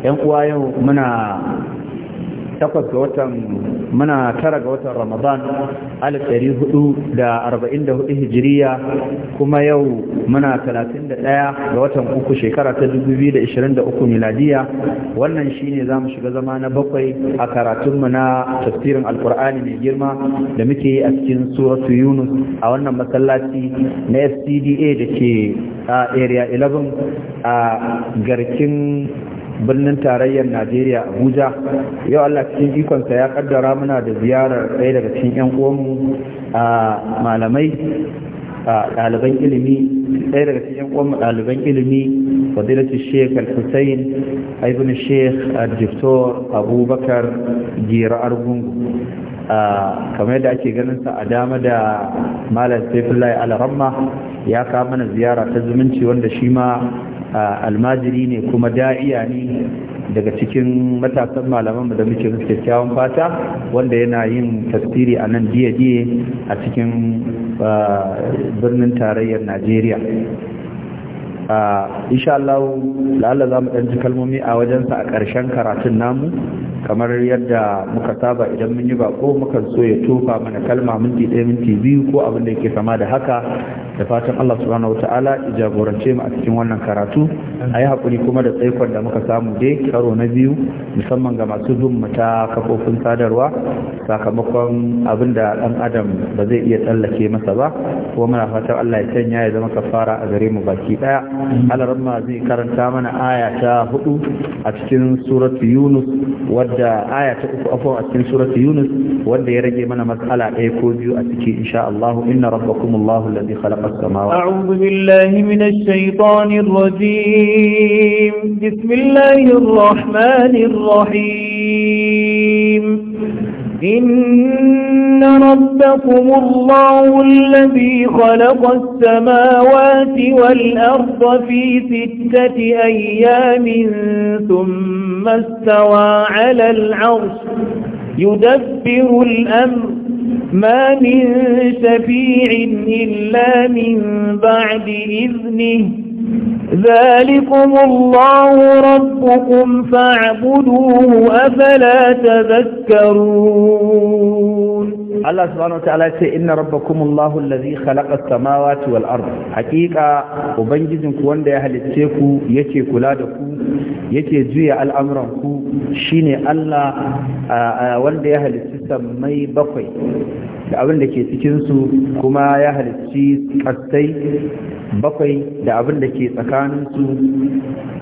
yan uwa yau muna takwas ga watan muna tara ga watan ramadan alif ɗari hudu da arba'in da hudu hijiriya kuma yau muna talatin da ɗaya ga watan uku shekara ta dubu biyu da ishirin da uku miladiya wannan shine za mu shiga zama na bakwai a karatunmu na tafsirin alkur'ani mai girma da muke yi a cikin suratu yunus a wannan masallaci na fcda da ke a area 11 a garkin birnin tarayyar najeriya abuja yau allah cikin ikonsa ya kaddara muna da ziyarar ɗaya daga cikin 'yan uwanmu a malamai ɗaliban ilimi ɗaya daga cikin uwanmu ɗaliban ilimi fadilatu sheikh al-hussein ibn sheikh al jiftor abubakar gira argungu kamar yadda ake ganin sa a dama da malam saifullah al-ramma ya kama mana ziyara ta zumunci wanda shi ma almajiri ne kuma da'iya ne daga cikin matasan malaman da muke musu kyakkyawan fata wanda yana yin tasiri a nan diye-diye a cikin birnin tarayyar najeriya insha Allah la'alla za mu ɗanci kalmomi a wajensa a ƙarshen karatun namu kamar yadda muka saba idan mun yi bako muka so ya tofa mana kalma minti ɗaya minti biyu ko abin da yake sama da haka da fatan Allah subhanahu wata'ala ya jagorance mu a cikin wannan karatu a yi haƙuri kuma da tsaikon da muka samu dai karo na biyu musamman ga masu bin mu kafofin sadarwa sakamakon abin da ɗan adam ba zai iya tsallake masa ba kuma muna fatan Allah ya sanya ya zama kafara a gare mu baki ɗaya alarma zai karanta mana aya ta hudu a cikin suratu yunus wadda aya ta uku afon a cikin suratu yunus wadda ya rage mana matsala ɗaya ko biyu a ciki insha Allah inna rabbakumullahu alladhi khalaqa as-samawati a'udhu billahi minash shaitanir rajim bismillahir rahmanir rahim إن ربكم الله الذي خلق السماوات والأرض في ستة أيام ثم استوى على العرش يدبر الأمر ما من شفيع إلا من بعد إذنه ذلكم الله ربكم فاعبدوه أفلا تذكرون الله سبحانه وتعالى إن ربكم الله الذي خلق السماوات والأرض حقيقة وبنجزنك وان دي أهل التيكو يتي كلادكو يتي جوية الأمرنكو شيني الله وان دي أهل التيكو sammai bakwai da abin da ke cikinsu kuma ya halicci kastai bakwai da abin da ke tsakaninsu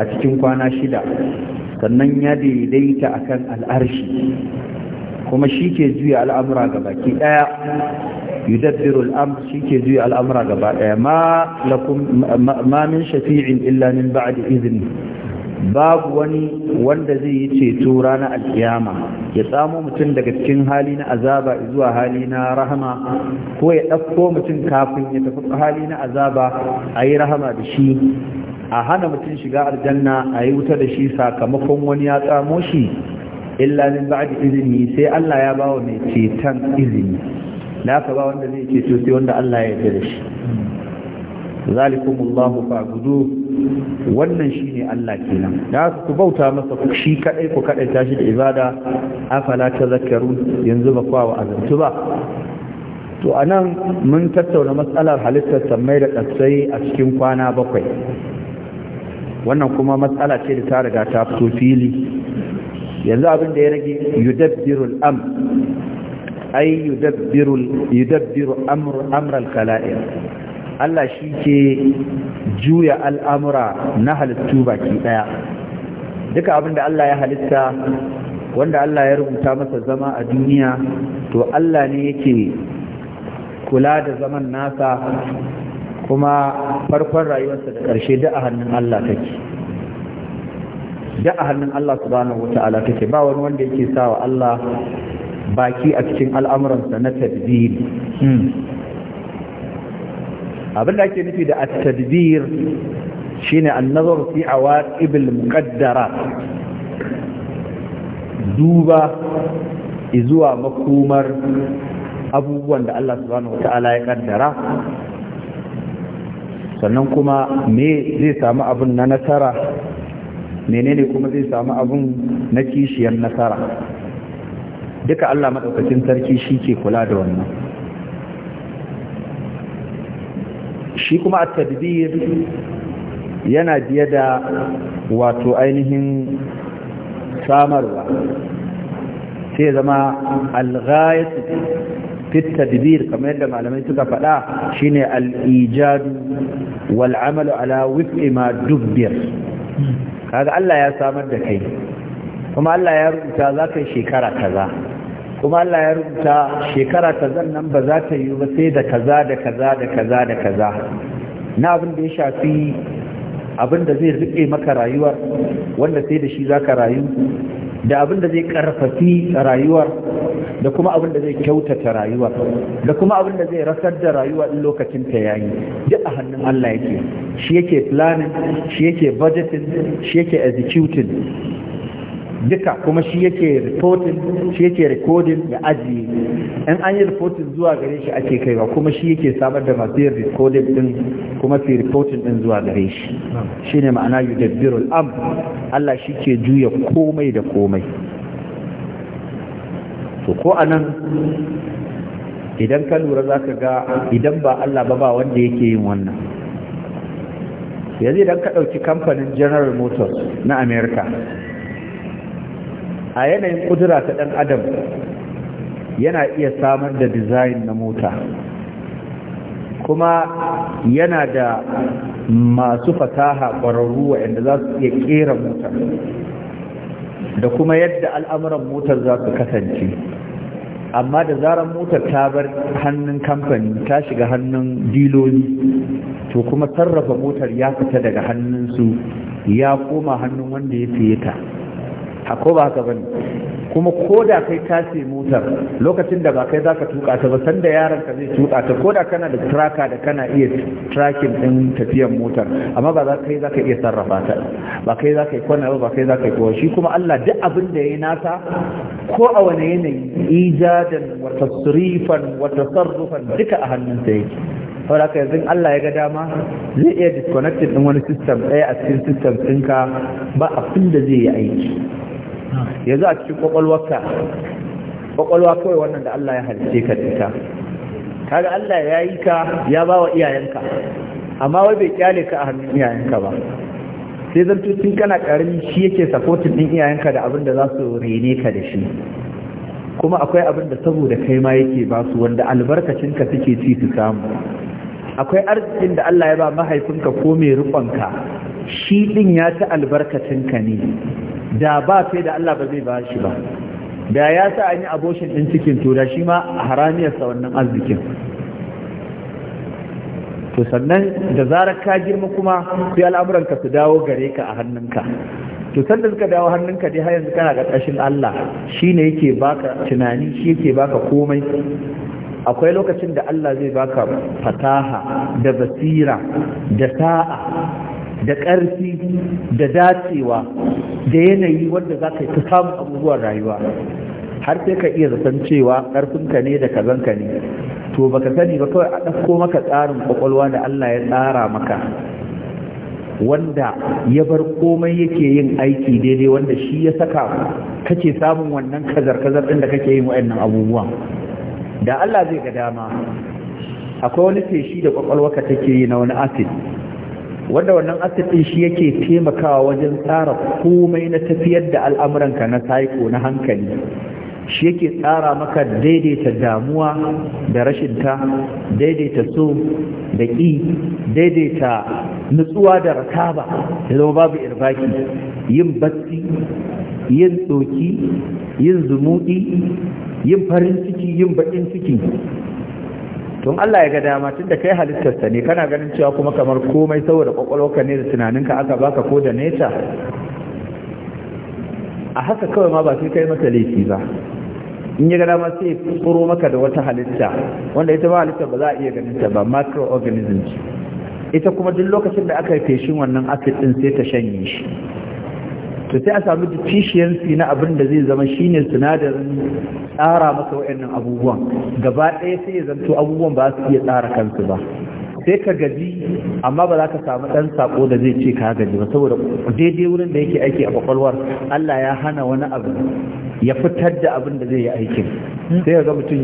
a cikin kwana shida sannan ya daidaita akan al'arshi kuma shi ke juya al'amura ga baki ɗaya yudabbiru al'amur shi ke juya al'amura gaba ɗaya ma min shafi'in illa min ba'di izini babu wani wanda zai yi ceto rana alkiyama ya tsamo mutum daga cikin hali na azaba zuwa hali na rahama ko ya ɗauko mutum kafin ya tafi hali na azaba a yi rahama da shi a hana mutum shiga aljanna a yi wuta da shi sakamakon wani ya tsamo shi illa min da izini sai Allah ya bawa mai ceton izini na ka ba wanda zai ceto sai wanda Allah ya yarda da shi fa fa'budu wannan shine Allah kenan da haka ku bauta masa ku shi kadai ku kadai tashi da ibada afala tazakkarun yanzu ba kwa azantu ba to anan mun tattauna matsalar halittar sammai da kasai a cikin kwana bakwai wannan kuma matsala ce da ta riga ta fito fili yanzu abin da ya rage yudabbirul am ay yudabbiru yudabbiru amr amr al-khalaiq Allah shi ke juya al'amura na halittu baki ɗaya duka abin da Allah ya halitta wanda Allah ya rubuta masa zama a duniya to Allah ne yake kula da zaman nasa kuma farkon rayuwarsa da ƙarshe da a hannun Allah take da a hannun Allah subhanahu wata'ala take ba wani wanda yake sawa Allah baki a cikin al'amuransa na tadbiri hmm. abin da ake nufi da at-tadbir shine an-nazar fi awaqib al-muqaddara duba izuwa makomar abubuwan da Allah subhanahu wata'ala ya kaddara sannan kuma me zai samu abin na nasara menene kuma zai samu abin na kishiyar nasara duka Allah maɗaukacin sarki shi ke kula da wannan shi kuma a tadbir yana biye da wato ainihin samarwa sai zama al-ghayat fi tadbir kamar yadda malamai suka faɗa shine al-ijad wal amal ala wif'i ma dubbir kaga Allah ya samar da kai kuma Allah ya rubuta za ka shekara kaza kuma Allah ya rubuta shekara ta zan nan ba za ta yi ba sai da kaza da kaza da kaza da kaza na abin da ya shafi abin da zai riƙe maka rayuwar wanda sai da shi za ka rayu da abin da zai karfafi rayuwar da kuma abin da zai kyautata rayuwar da kuma abin da zai rasar da rayuwa in lokacin ta yayi duk a hannun Allah yake shi yake planning shi yake budgeting shi yake executing duka kuma shi yake reportin shi yake recording ya ajiye in an yi reportin zuwa gare shi ake kaiwa kuma shi yake samar da masu yin recording din kuma su reportin din zuwa gare shi shine ma'ana dabbirul am Allah shi ke juya komai da komai to ko a nan idan ka lura za ka ga idan ba Allah ba ba wanda yake yin wannan yanzu idan ka ɗauki kamfanin general motors na Amerika. a yanayin kudura ta ɗan adam yana iya samar da dizayin na mota kuma yana da masu fasaha ƙwararru waɗanda za su iya ƙera motar da kuma yadda al'amuran motar za su kasance amma da zarar motar ta bar hannun kamfani ta shiga hannun diloli to kuma sarrafa motar ya fita daga hannunsu ya koma hannun wanda ya siye ta hako ba haka bane kuma ko da kai ka ce motar lokacin da ba kai ka tuka ta ba sanda yaron ka zai tuka ta ko da kana da traka da kana iya tracking din tafiyar motar amma ba za kai ka iya sarrafa ta ba kai za ka yi kwana ba kai ka yi kowa shi kuma Allah duk abin da yayi nasa ko a wani yanayi ijadan wa tasrifan wa tasarrufan duka a hannunsa yake saboda haka yanzu Allah ya ga dama zai iya disconnected din wani system ɗaya a cikin system ɗinka ba abin da zai yi aiki yanzu a cikin kwakwalwarka kwakwalwa kawai wannan da Allah ya halice ka ta kaga Allah ya yi ka ya ba wa iyayenka amma wai bai kyale ka a hannun iyayenka ba sai zanto tun kana karami shi yake sapotin din iyayenka da abin da za su rene ka da shi kuma akwai abin da saboda kai ma yake ba su wanda ka suke ci su samu akwai arzikin da Allah ya ba mahaifinka ko mai rukonka shi ɗin ya ci albarkacinka ne da ba sai da Allah ba zai ba shi ba da ya sa an yi abocin ɗin cikin tura, shi ma haramiyarsa wannan arzikin to sannan da zarar ka girma kuma al'amuran ka su dawo gare ka a hannunka to sanda suka dawo hannunka dai har yanzu kana ƙarƙashin Allah shine yake baka tunani shi yake baka komai akwai lokacin da Allah zai baka fataha da basira da sa'a da ƙarfi da dacewa da yanayi wanda za ka fi samun abubuwan rayuwa har sai ka iya zaton cewa ƙarfinka ne da kazanka ne to baka sani ba kawai a ɗauko maka tsarin kwakwalwa da Allah ya tsara maka wanda ya bar komai yake yin aiki daidai wanda shi ya saka kake samun wannan kazar-kazar ɗin da kake yin wa'annan abubuwan da Allah zai ga dama akwai wani feshi da kwakwalwaka take yi na wani acid wanda wannan asibin shi yake taimakawa wajen tsara komai na tafiyar da al'amuranka na saiko na hankali shi yake tsara maka daidaita damuwa da rashinta daidaita so da ƙi daidaita nutsuwa da rakaba da zama babu irbaki yin batsi yin tsoki yin zumuɗi yin farin ciki yin baƙin ciki tun Allah ya ga dama tun da kai halittarsa ne kana ganin cewa kuma kamar komai saboda kwakwalwaka ne da tunaninka aka baka ko da neta a haka kawai ma ba sai kai mata laifi ba in ya gada ma sai tsoro maka da wata halitta wanda ita ba halitta ba za a iya ganin ta ba microorganism ita kuma duk lokacin da aka yi feshin wannan acid din sai ta shanye shi to sai a samu deficiency na abin da zai zama shine sinadarin tsara masa wa'annan abubuwan gaba ɗaya sai ya zanto abubuwan ba su iya tsara kansu ba sai ka gaji amma ba za ka samu ɗan saƙo da zai ce ka gaji ba saboda daidai wurin da yake aiki a kwakwalwar Allah ya hana wani abu ya fitar da abin da zai yi aikin sai ga mutum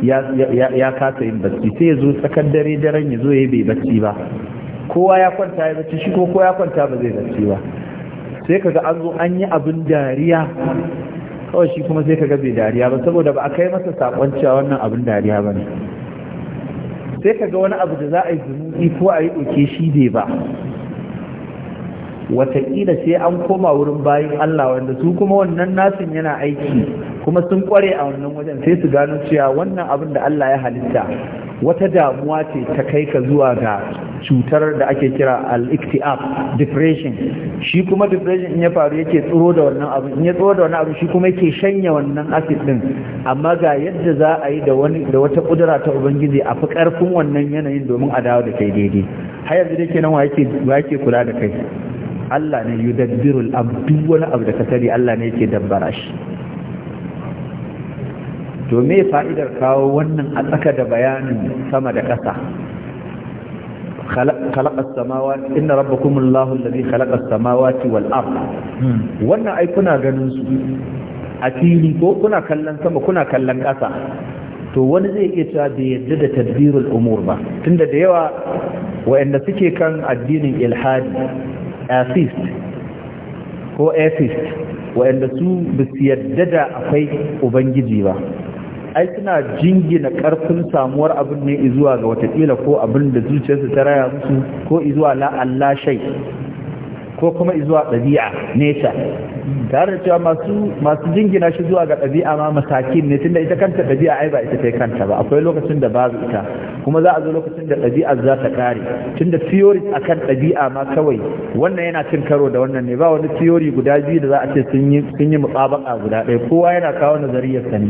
ya kasa yin bacci sai ya zo tsakar dare daren ya zo ya bai bacci ba kowa ya kwanta ya bacci shi ko kowa ya kwanta ba zai bacci ba sai kaga an zo an yi abin dariya kawai shi kuma sai kaga bai dariya ba saboda ba a kai masa sakon cewa wannan abin dariya ba ne sai kaga wani abu da za a yi zunubi ko a yi ɗauke shi bai ba watakila sai an koma wurin bayan Allah wanda su kuma wannan nasin yana aiki kuma sun kware a wannan wajen sai su gano cewa wannan abin da Allah ya halitta wata damuwa ce ta kai ka zuwa ga cutar da ake kira al-iktiab depression shi kuma depression in ya faru yake tsoro da wannan abu in ya tsoro da wannan abu shi kuma yake shanya wannan acid din amma ga yadda za a yi da wani da wata kudura ta ubangiji a fi karfin wannan yanayin domin a dawo da kai daidai har yanzu dai kenan wa yake wa yake kula da kai Allah ne yudabbirul abdu wani abu da ka sani Allah ne yake dabbara shi to me fa'idar kawo wannan a tsaka da bayanin sama da ƙasa خلق السماوات إن ربكم الله الذي خلق السماوات والأرض wannan ai kuna ganin su a fili ko kuna kallon sama kuna kallon ƙasa to wani zai iya cewa bai yarda da tadbirul umur ba tunda da yawa wa'anda suke kan addinin ilhadi assist ko assist waɗanda su ba su yadda da akwai ubangiji ba ai suna jingina ƙarfin samuwar abin ne zuwa ga watakila ko abin da zuciyarsu ta raya musu ko zuwa la Allah shai ko kuma zuwa ɗabi'a nesa tare da cewa masu jingina shi zuwa ga ɗabi'a ma masakin ne tunda ita kanta ɗabi'a ai ba ita kai kanta ba akwai lokacin da babu ita kuma za a zo lokacin da ɗabi'a za ta kare tunda theory akan ɗabi'a ma kawai wannan yana cin karo da wannan ne ba wani theory guda biyu da za a ce sun yi sun yi guda ɗaya kowa yana kawo nazariyar sa ne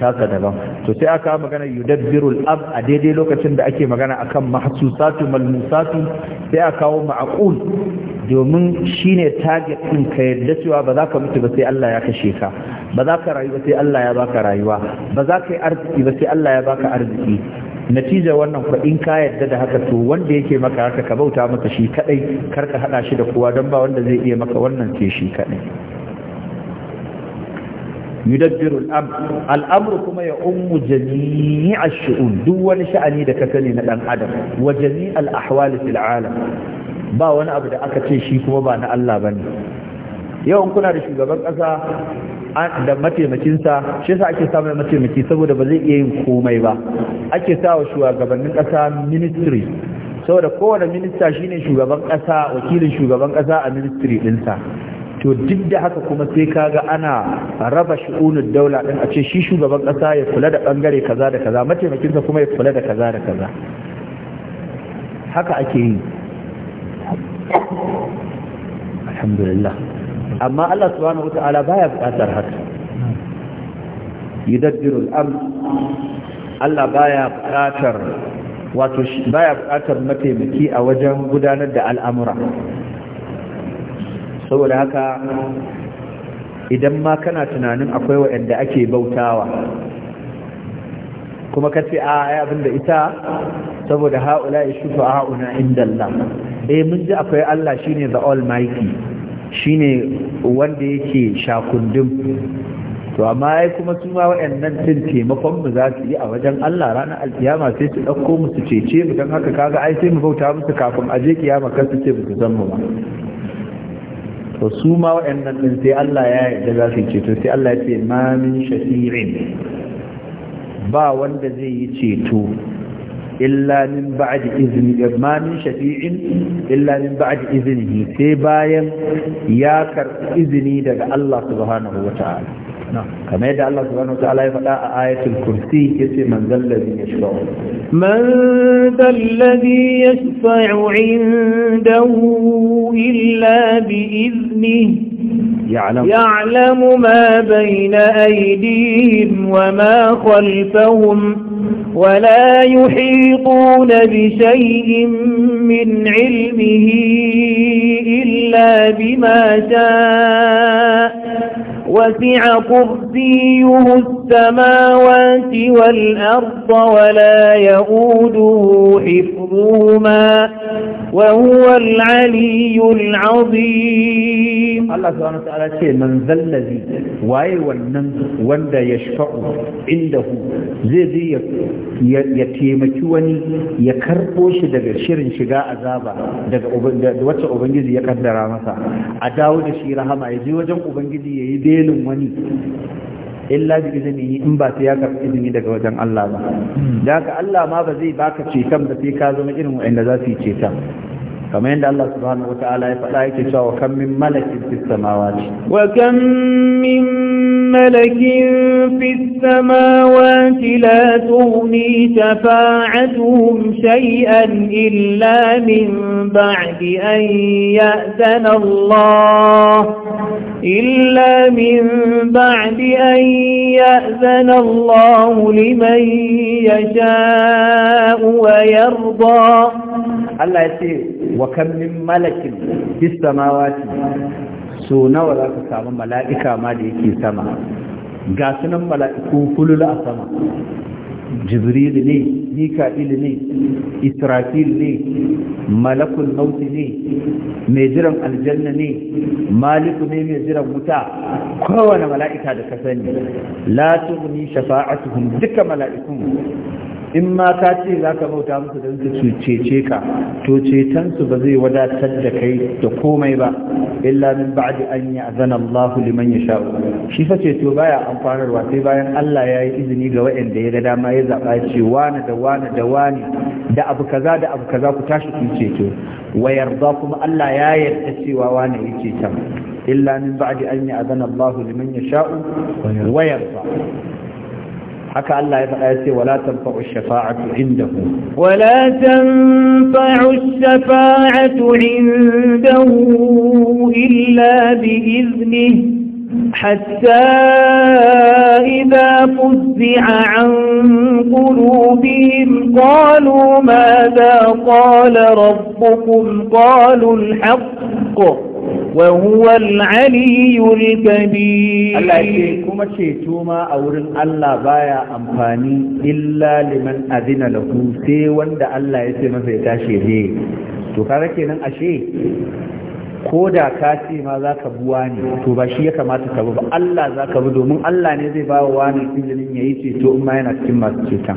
tasa daban to sai aka magana yudabbirul ab a daidai lokacin da ake magana akan mahsusatu malmusatu sai aka kawo ma'qul domin shi shine target ɗin ka yadda cewa ba za ka mutu ba sai Allah ya kashe ka ba za ka rayu ba sai Allah ya baka rayuwa ba za ka yi arziki ba sai Allah ya baka arziki natija wannan kuwa in ka yadda da haka to wanda yake maka haka ka bauta masa shi kadai kar ka shi da kowa don ba wanda zai iya maka wannan ke shi kadai yudabbiru al kuma ya ummu jami'a shi'un duk wani sha'ani da ka sani na ɗan adam wa jami'a al-ahwal ba wani abu da aka ce shi kuma ba na Allah bane yawan kuna da shugaban ƙasa da mataimakinsa shi sa ake samun mataimaki saboda ba zai iya yin komai ba ake sa wa shugabannin ƙasa ministry saboda kowane minista shi ne shugaban ƙasa, wakilin shugaban ƙasa a ministry dinsa to duk da haka kuma sai kaga ana raba shi'unin daula din a ce shi shugaban ƙasa ya kula da ɓangare kaza da kaza mataimakinsa kuma ya kula da kaza da kaza haka ake yi alhamdulillah amma Allah subhanahu wata'ala baya buƙatar haka yudabbiru al-amr Allah baya buƙatar wato baya buƙatar mataimaki a wajen gudanar da al'amura saboda haka idan ma kana tunanin akwai waɗanda ake bautawa kuma ka ce a ya abin da ita saboda ha'ula ya fa ha'una inda Allah eh mun ji akwai Allah shine the almighty shine wanda yake shakundum to amma ai kuma su ma wayannan din taimakon mu za su yi a wajen Allah ranar alkiyama sai su ɗauko mu su cece mu don haka kaga ai sai mu bauta musu kafin aje kiyama kar su ce ba su san mu ba to su ma wayannan din sai Allah ya yarda za su ceto sai Allah ya ce ma min shafi'in ba wanda zai yi ceto illa min ba'd izni ma min shafi'in illa min ba'd iznihi sai bayan ya karɓi izini daga Allah subhanahu wata'ala kamar yadda Allah subhanahu wata'ala ya faɗa a ayatul kursi yace man zallazi yashfa'u man zallazi yashfa'u indahu illa bi iznihi يعلم, يعلم ما بين أيديهم وما خلفهم ولا يحيطون بشيء من علمه إلا بما شاء وسع كرسيه السماوات والأرض ولا يؤوده حفظهما وهو العلي العظيم الله سبحانه وتعالى من ذا الذي واي ونن وندا يشفع عنده زي زي يتيمكي وني يكربو shi daga shirin shiga azaba daga wacce ubangiji ya kaddara masa a dawo da يدين وني illa bi izini in ba sai ya karɓi izini daga wajen Allah ba da haka Allah ma ba zai baka cikan ba sai ka zama irin waɗanda za su yi ceton kamar yadda Allah subhanahu wata'ala ya faɗa yake cewa kan min malakin fis samawati wa kam min malakin fis samawati la tughni shafa'atuhum shay'an illa min ba'di an ya'zana Allah إلا من بعد أن يأذن الله لمن يشاء ويرضى الله يسير wa min malakin fis samawati so nawa za ka samu mala'ika ma da yake sama ga sunan mala'iku kulul a sama jibril ne mika'il ne israfil ne malakul maut ne mai jiran aljanna ne maliku ne mai jiran wuta kowane mala'ika da ka sani la tughni shafa'atuhum duka mala'ikun in ma ka ce za ka bauta musu don su cece ka to cetonsu ba zai wadatar da kai da komai ba illa min ba'di an yi ya'zana Allah liman yasha'u shi fa ceto baya amfanarwa sai bayan Allah ya yi izini ga waɗanda ya ga dama ya zaba ce wani da wani da wani da abu kaza da abu kaza ku tashi ku ceto Wayar ba kuma Allah ya yarda cewa wani ya ceton. illa min ba'di an yi ya'zana Allah liman ya sha'u. Wayar ba. haka Allah ya faɗa ya ce wala tanfa'u shafa'atu indahu wala tanfa'u shafa'atu indahu illa bi iznihi حتى إذا فزع عن قلوبهم قالوا ماذا قال ربكم قالوا الحق وهو العلي الكبير الله يكي كما تشيتوما أورن الله بايا أمفاني إلا لمن أذن له سيوان دا الله يسمى في تاشيه to kaga kenan ashe ko da ka ce ma za ka buwa ne to ba shi ya kamata ka bi ba Allah za ka bi domin Allah ne zai ba wa wani izinin ya yi ceto in ma yana cikin masu ceton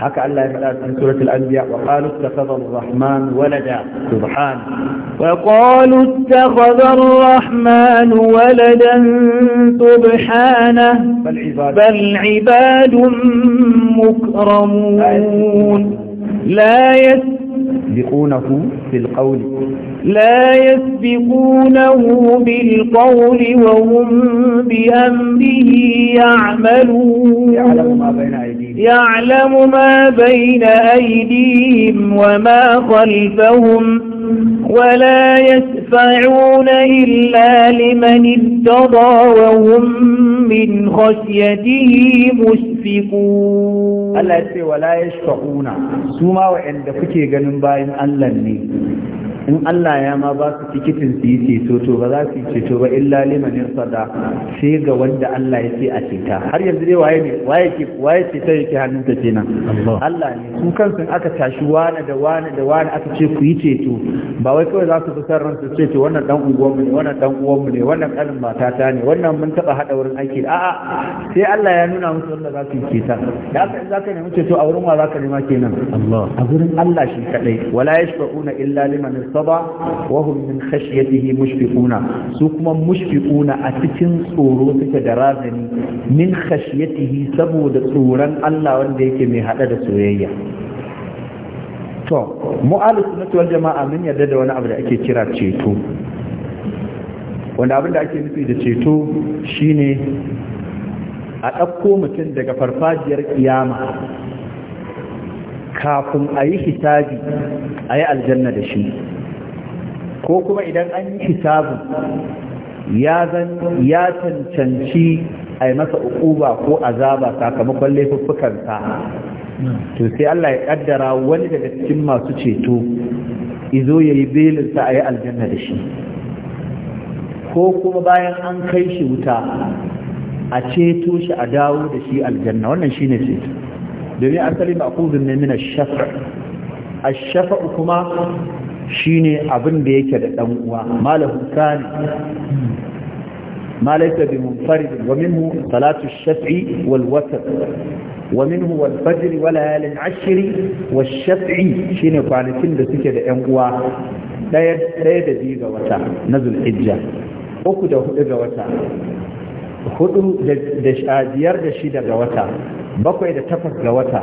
حكى الله الآن في سورة الأنبياء وقالوا اتخذ الرحمن ولدا سبحان وقالوا اتخذ الرحمن ولدا سبحانه بل عباد, مكرمون لا يسبقونه بالقول لا يسبقونه بالقول وهم بأمره يعملون يعلم ما بين أيديهم وما خلفهم ولا يسفعون إلا لمن ارتضى وهم من خشيته مشفقون Allah ya ce wala yashfa'una su ma wa'anda kuke ganin bayan Allah ne in Allah ya ma ba su tikitin su yi ceto to ba za su yi ceto ba illa liman yarsada sai ga wanda Allah ya ce a ceta har yanzu dai waye ne waye ke waye ta yake hannun ta kenan Allah ne su kansu aka tashi wani da wani da wani aka ce ku yi ceto ba wai kawai za su fi sarran su ce to wannan dan uwan mu ne wannan dan uwan mu ne wannan kanin matata ne wannan mun taba hada wurin aiki a'a sai Allah ya nuna musu wanda za su yi ceta da aka za ka nemi ceto a wurin wa za ka nema kenan Allah a wurin Allah shi kadai wala yashfa'una illa liman yarsada ba wahum min khashyatihi mushfiquna su kuma mushfiquna a cikin tsoro suke da razani min khashyatihi saboda tsoron Allah wanda yake mai hada da soyayya to mu ahlus sunnati jamaa mun yarda da wani abu da ake kira ceto wanda abin da ake nufi da ceto shine a ɗauko mutum daga farfajiyar kiyama kafin a yi hisabi a yi aljanna da shi ko kuma idan an yi kitabun ya zan ya cancanci a yi masa ukuba ko azaba sakamakon laifuffukansa to sai Allah ya kaddara wani daga cikin masu ceto izo ya yi belinsa a yi aljanna da shi ko kuma bayan an kai shi wuta a ceto shi a dawo da shi aljanna wannan ne ceto domin asali ma'qudun ne min shafa a shafa kuma Shi ne abin da yake da ɗan'uwa, dan uwa malahu sani ما ليس بمنفرد wa صلاة الشفع والوتر ومنه والفجر وليال العشر والشفع شين kwanakin da suke da ƴan uwa daya daya da biyu ga wata nazul hijja uku da hudu ga wata hudu da biyar da shida ga wata bakwai da takwas ga wata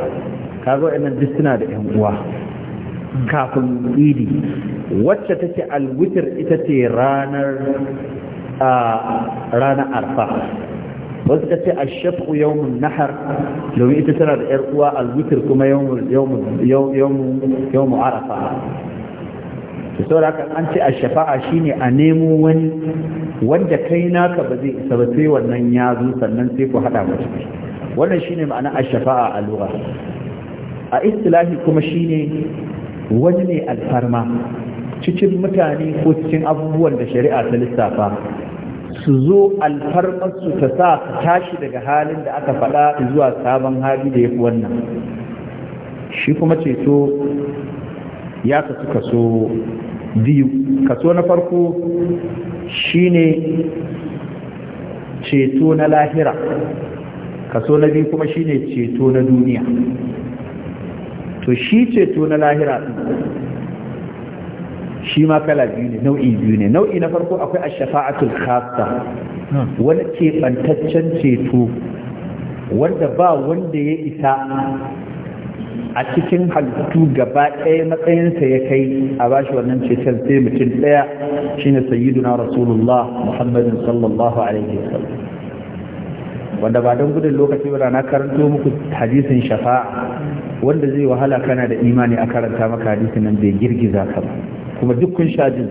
kaga wa'annan duk suna da ƴan uwa kafin idi wacce take alwitir ita ce ranar ranar arfa wasu ta ce a shafu yawon nahar domin ita tana da yar uwa alwitir kuma yawon arafa da sauraka an ce a shafa'a shine a nemo wani wanda kai naka ba zai isa ba sai wannan ya zo sannan sai ku haɗa mace wannan shine ma'ana a shafa'a a lura a istilahi kuma shine wani ne alfarma cikin mutane ko cikin abubuwan da shari'a ta lissafa su zo alfarmarsu ta sa su tashi daga halin da aka faɗa zuwa sabon hali da ya fi wannan shi kuma ceto ya kasu kaso biyu kaso na farko shine ceto na lahira kaso na biyu kuma shine ceto na duniya to shi ceto na lahira ɗin shi ma kala biyu ne nau'i biyu ne nau'i na farko akwai a shafa'atul khassa hmm. wani keɓantaccen ceto wanda ba wanda ya isa a cikin halittu gaba ɗaya matsayinsa ya kai a bashi wannan ceton sai mutum ɗaya shine sayyiduna rasulullah muhammadin sallallahu alaihi wasallam wanda ba don gudun lokaci ba na karanto muku hadisin shafa'a wanda zai wahala kana da imani a karanta maka hadisin nan bai girgiza ka ba kuma duk kun sha jin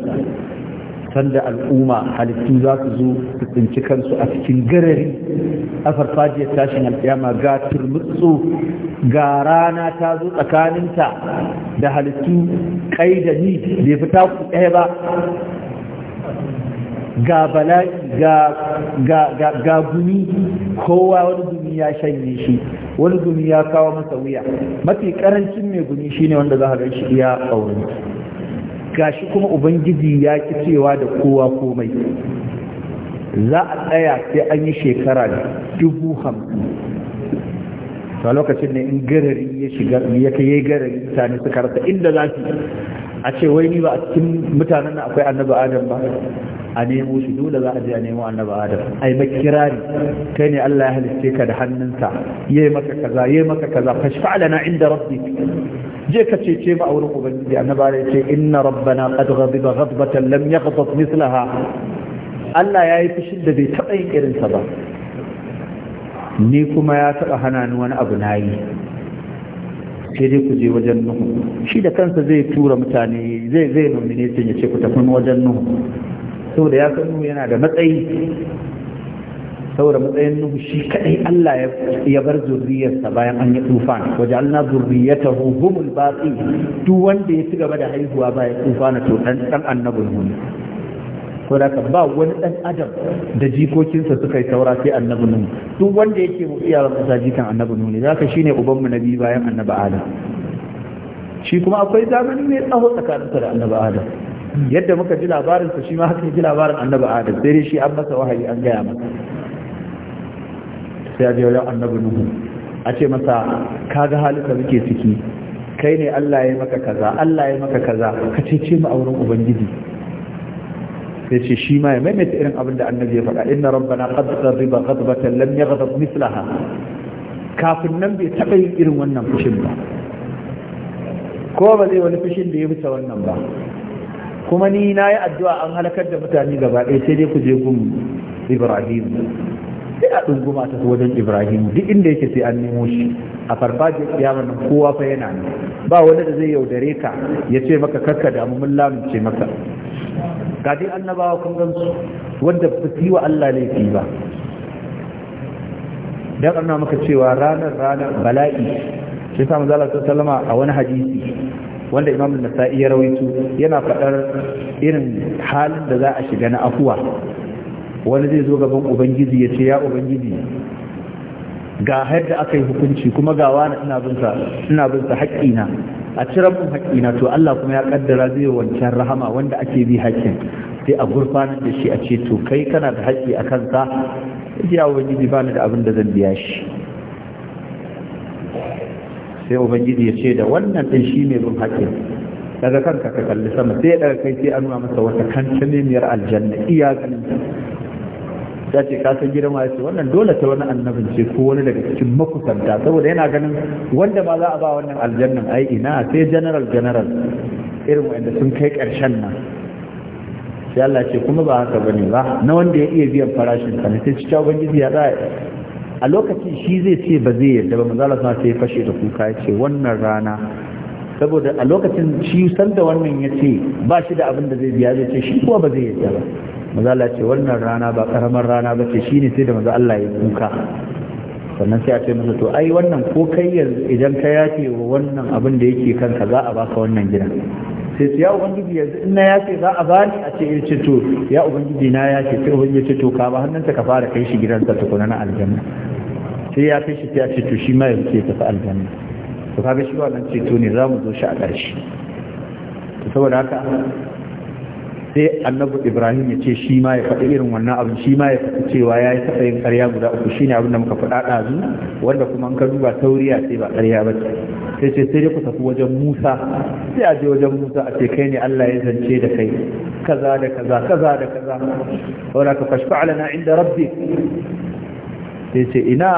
sanda al'umma halittu za su zo su tsinci kansu a cikin garari a farfajiyar tashin alƙiyama ga turmutsu ga rana ta zo tsakaninta da halittu kai da ni bai fita ku ɗaya ba ga bala'i ga gumi kowa wani gumi ya shanye shi wani gumi ya kawo masa wuya mafi karancin mai gumi shine wanda za a gan shi ya Ga gashi kuma ubangiji ya ki cewa da kowa komai za a tsaya sai an yi shekara dubu hamsin a lokacin ne in garari ya shiga ya kai garari mutane suka rasa inda za su a ce wai ni ba a cikin mutanen akwai annabi adam ba a nemo shi dole za a je a nemo annaba adam ai makirari kai ne Allah ya halicce ka da hannunsa yayi maka kaza yayi maka kaza fashfa lana inda rabbik je ka ce, ce mu a wurin ubangiji annaba ya ce inna rabbana qad ghadiba ghadbatan lam yaghdab mislaha Allah ya yi fushin da bai taɓa yin irinsa ba ni kuma ya taɓa hana ni wani abu na yi sai dai ku je wajen nuhu shi da kansa zai tura mutane zai zai nomine ya ce ku tafi wajen nuhu saboda ya san yana da matsayi saboda matsayin nuhu shi kadai Allah ya bar zurriyarsa bayan an yi tufan waje Allah zurriyata humul batsi duk wanda ya ci gaba da haihuwa bayan tufana to dan dan annabin mun ko da ka ba wani dan adam da jikokinsa suka yi saura sai annabin nuhu duk wanda yake mu iya sa jikan annabi nuhu zaka shine uban mu nabi bayan annabi adam shi kuma akwai zamani mai tsaho tsakaninsa da annabi adam yadda muka ji labarin su shi ma haka ji labarin annabi adam sai shi an masa wahayi an gaya masa sai ya yau annabi nuhu a ce masa ka ga halitta muke ciki kai ne Allah ya maka kaza Allah ya maka kaza ka ce mu a wurin ubangiji sai ce shi ma ya maimaita irin abin da annabi ya faɗa inna rabbana qad ghadiba ghadbatan lam yaghdab mithlaha kafin nan bai taɓa yin irin wannan fushin ba ko ba zai wani fushin da ya wuce wannan ba kuma ni na yi addu'a an halakar da mutane gaba ɗaya sai dai ku je gun ibrahim sai a ɗunguma ta wajen ibrahim duk inda yake sai an nemo shi a farfajin nan kowa fa yana ne ba wanda da zai yaudare ka ya ce maka karka damu mun ce maka ga dai annabawa kun su wanda ba su yi wa allah laifi ba dan annabawa maka cewa ranar ranar bala'i sai sa manzo sallama a wani hadisi wanda imam nasa'i ya rawaito yana faɗar irin halin da za a shiga na afuwa wani zai zo gaban ubangiji ya ce ya ubangiji ga yadda aka yi hukunci kuma ga wani ina bin sa ina haƙƙina a cire mun haƙƙina to Allah kuma ya ƙaddara zai wancan rahama wanda ake bi haƙƙin sai a gurfanar da shi a ce to kai kana da haƙƙi a kanka ya ubangiji bani da abin da zan biya shi sai ubangiji ya ce da wannan din shi ne bin haƙƙin daga kanka ka kalli sama sai daga kai sai an nuna masa wata kantanemiyar aljanna iya ganin ta ce ka san gidan ya wannan dole ta wani annabin ce ko wani daga cikin makusanta saboda yana ganin wanda ba za a ba wannan aljannan ai ina sai general general irin wanda sun kai karshen nan sai Allah ce kuma ba haka bane ba na wanda ya iya biyan farashin sa ne sai cikin ubangiji ya za a lokacin shi zai ce ba zai yadda ba manzala sa sai fashe da kuka ya ce wannan rana saboda a lokacin shi san da wannan ya ce ba shi da abin da zai biya zai ce shi kuwa ba zai yadda ba manzala ce wannan rana ba karamar rana ba ce shi ne sai da maza Allah ya kuka sannan sai a ce masa to ai wannan ko kai idan ka yafe wa wannan abin da yake kanka za a baka wannan gidan sai ya ubangiji yanzu in na yace za a bani a ce ya ce to ya ubangiji na ce sai ubangiji ya ce to ka ba hannunta ka fara kai shi gidan gidansa tukuna na aljanna sai ya kai shi ya ce to shi ma ya ce tafi aljanna to kaga shi wannan ceto ne za mu zo shi a ƙarshe saboda haka sai annabi ibrahim ya ce shi ma ya faɗi irin wannan abu shi ma ya faɗi cewa ya yi taɓa yin ƙarya guda uku shine abin da muka faɗa ɗazu wanda kuma an ka duba tauriya sai ba ƙarya ba ce sai ce sai ku tafi wajen musa sai a je wajen musa a ce kai ne allah ya zance da kai kaza da kaza kaza da kaza wala ka fashfa na inda rabbi sai ce ina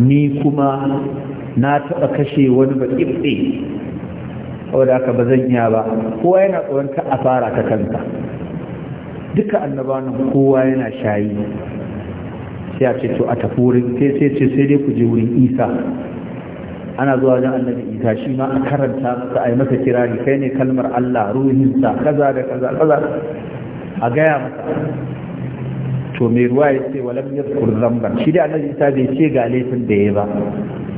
ni kuma na taɓa kashe wani baƙiɓe saboda aka ba zan iya ba kowa yana tsoron ka a fara ta kanta duka annabawan kowa yana shayi sai a ce to a tafi wurin sai sai ce sai dai ku je wurin isa ana zuwa wajen annabi isa shi ma a karanta masa a yi masa kirari kai ne kalmar allah ruhinsa kaza da kaza kaza a gaya masa to mai ruwa ya ce walam yadkur zamban shi da annabi isa bai ce ga laifin da ya ba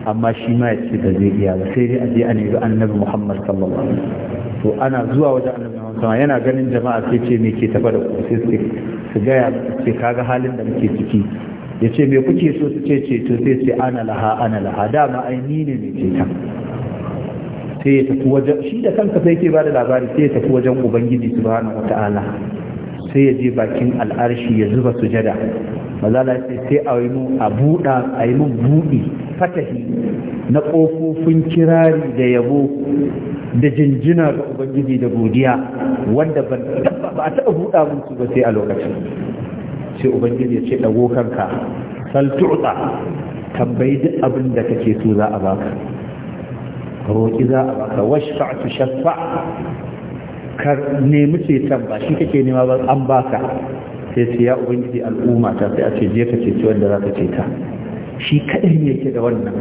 amma shi ma ya ce da zai iya ba sai dai a je a nemi annabi muhammad sallallahu alaihi to ana zuwa wajen annabi muhammad sallallahu yana ganin jama'a sai ce me ke tafa da ku sai su su gaya ce kaga halin da muke ciki ya ce me kuke so su ce ce to sai ce ana laha ana laha dama ai ni ne mai ceton sai ya tafi wajen shi da kanka sai ke ba da labari sai ya tafi wajen ubangiji subhanahu wataala sai ya je bakin al'arshi ya zuba sujada maza ce sai a yi mun a buɗa a yi mun buɗi fatahi na ƙofofin kirari da yabo da jinjina ga ubangiji da godiya wanda ban taɓa ba taɓa buɗa musu ba sai a lokacin sai ubangiji ya ce ɗago kanka saltuɗa tambayi duk abin da kake so za a baka roƙi za a baka washfa tu shafa ka nemi ceton ba shi kake nema ba an baka sai ce ya ubangiji al'umma ta sai a ce je ka ceci wanda za ka ceta shi kaɗai ne yake da wannan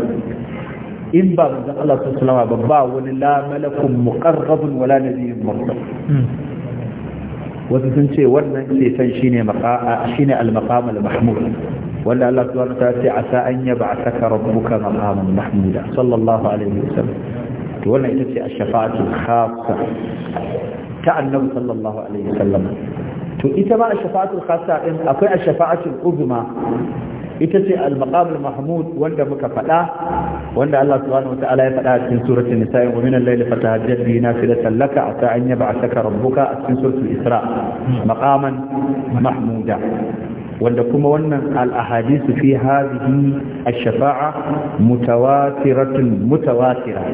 in ba manzon Allah sallallahu alaihi ba ba wani la malakun muqarrabun wala nabiyyun mursal wasu sun ce wannan ceton shine maqa shine al-maqam al-mahmud wanda Allah subhanahu wa ta'ala ce asa an yab'athaka rabbuka maqaman mahmuda sallallahu alaihi wasallam to wannan ita ce ash-shafa'atu khassa ta annabi sallallahu alaihi wasallam to ita ma shafaatul khassa din akwai ash-shafa'atul uzma ita ce al-maqamul mahmud wanda muka faɗa wanda Allah subhanahu wa ta'ala ya faɗa a cikin suratul nisa wa min al-layli fatahajjad bi nafilatan laka asa an yab'athaka rabbuka a cikin suratul isra maqaman mahmuda wanda kuma wannan al'ahadisu fi hadhihi ash-shafa'a mutawatiratun mutawatira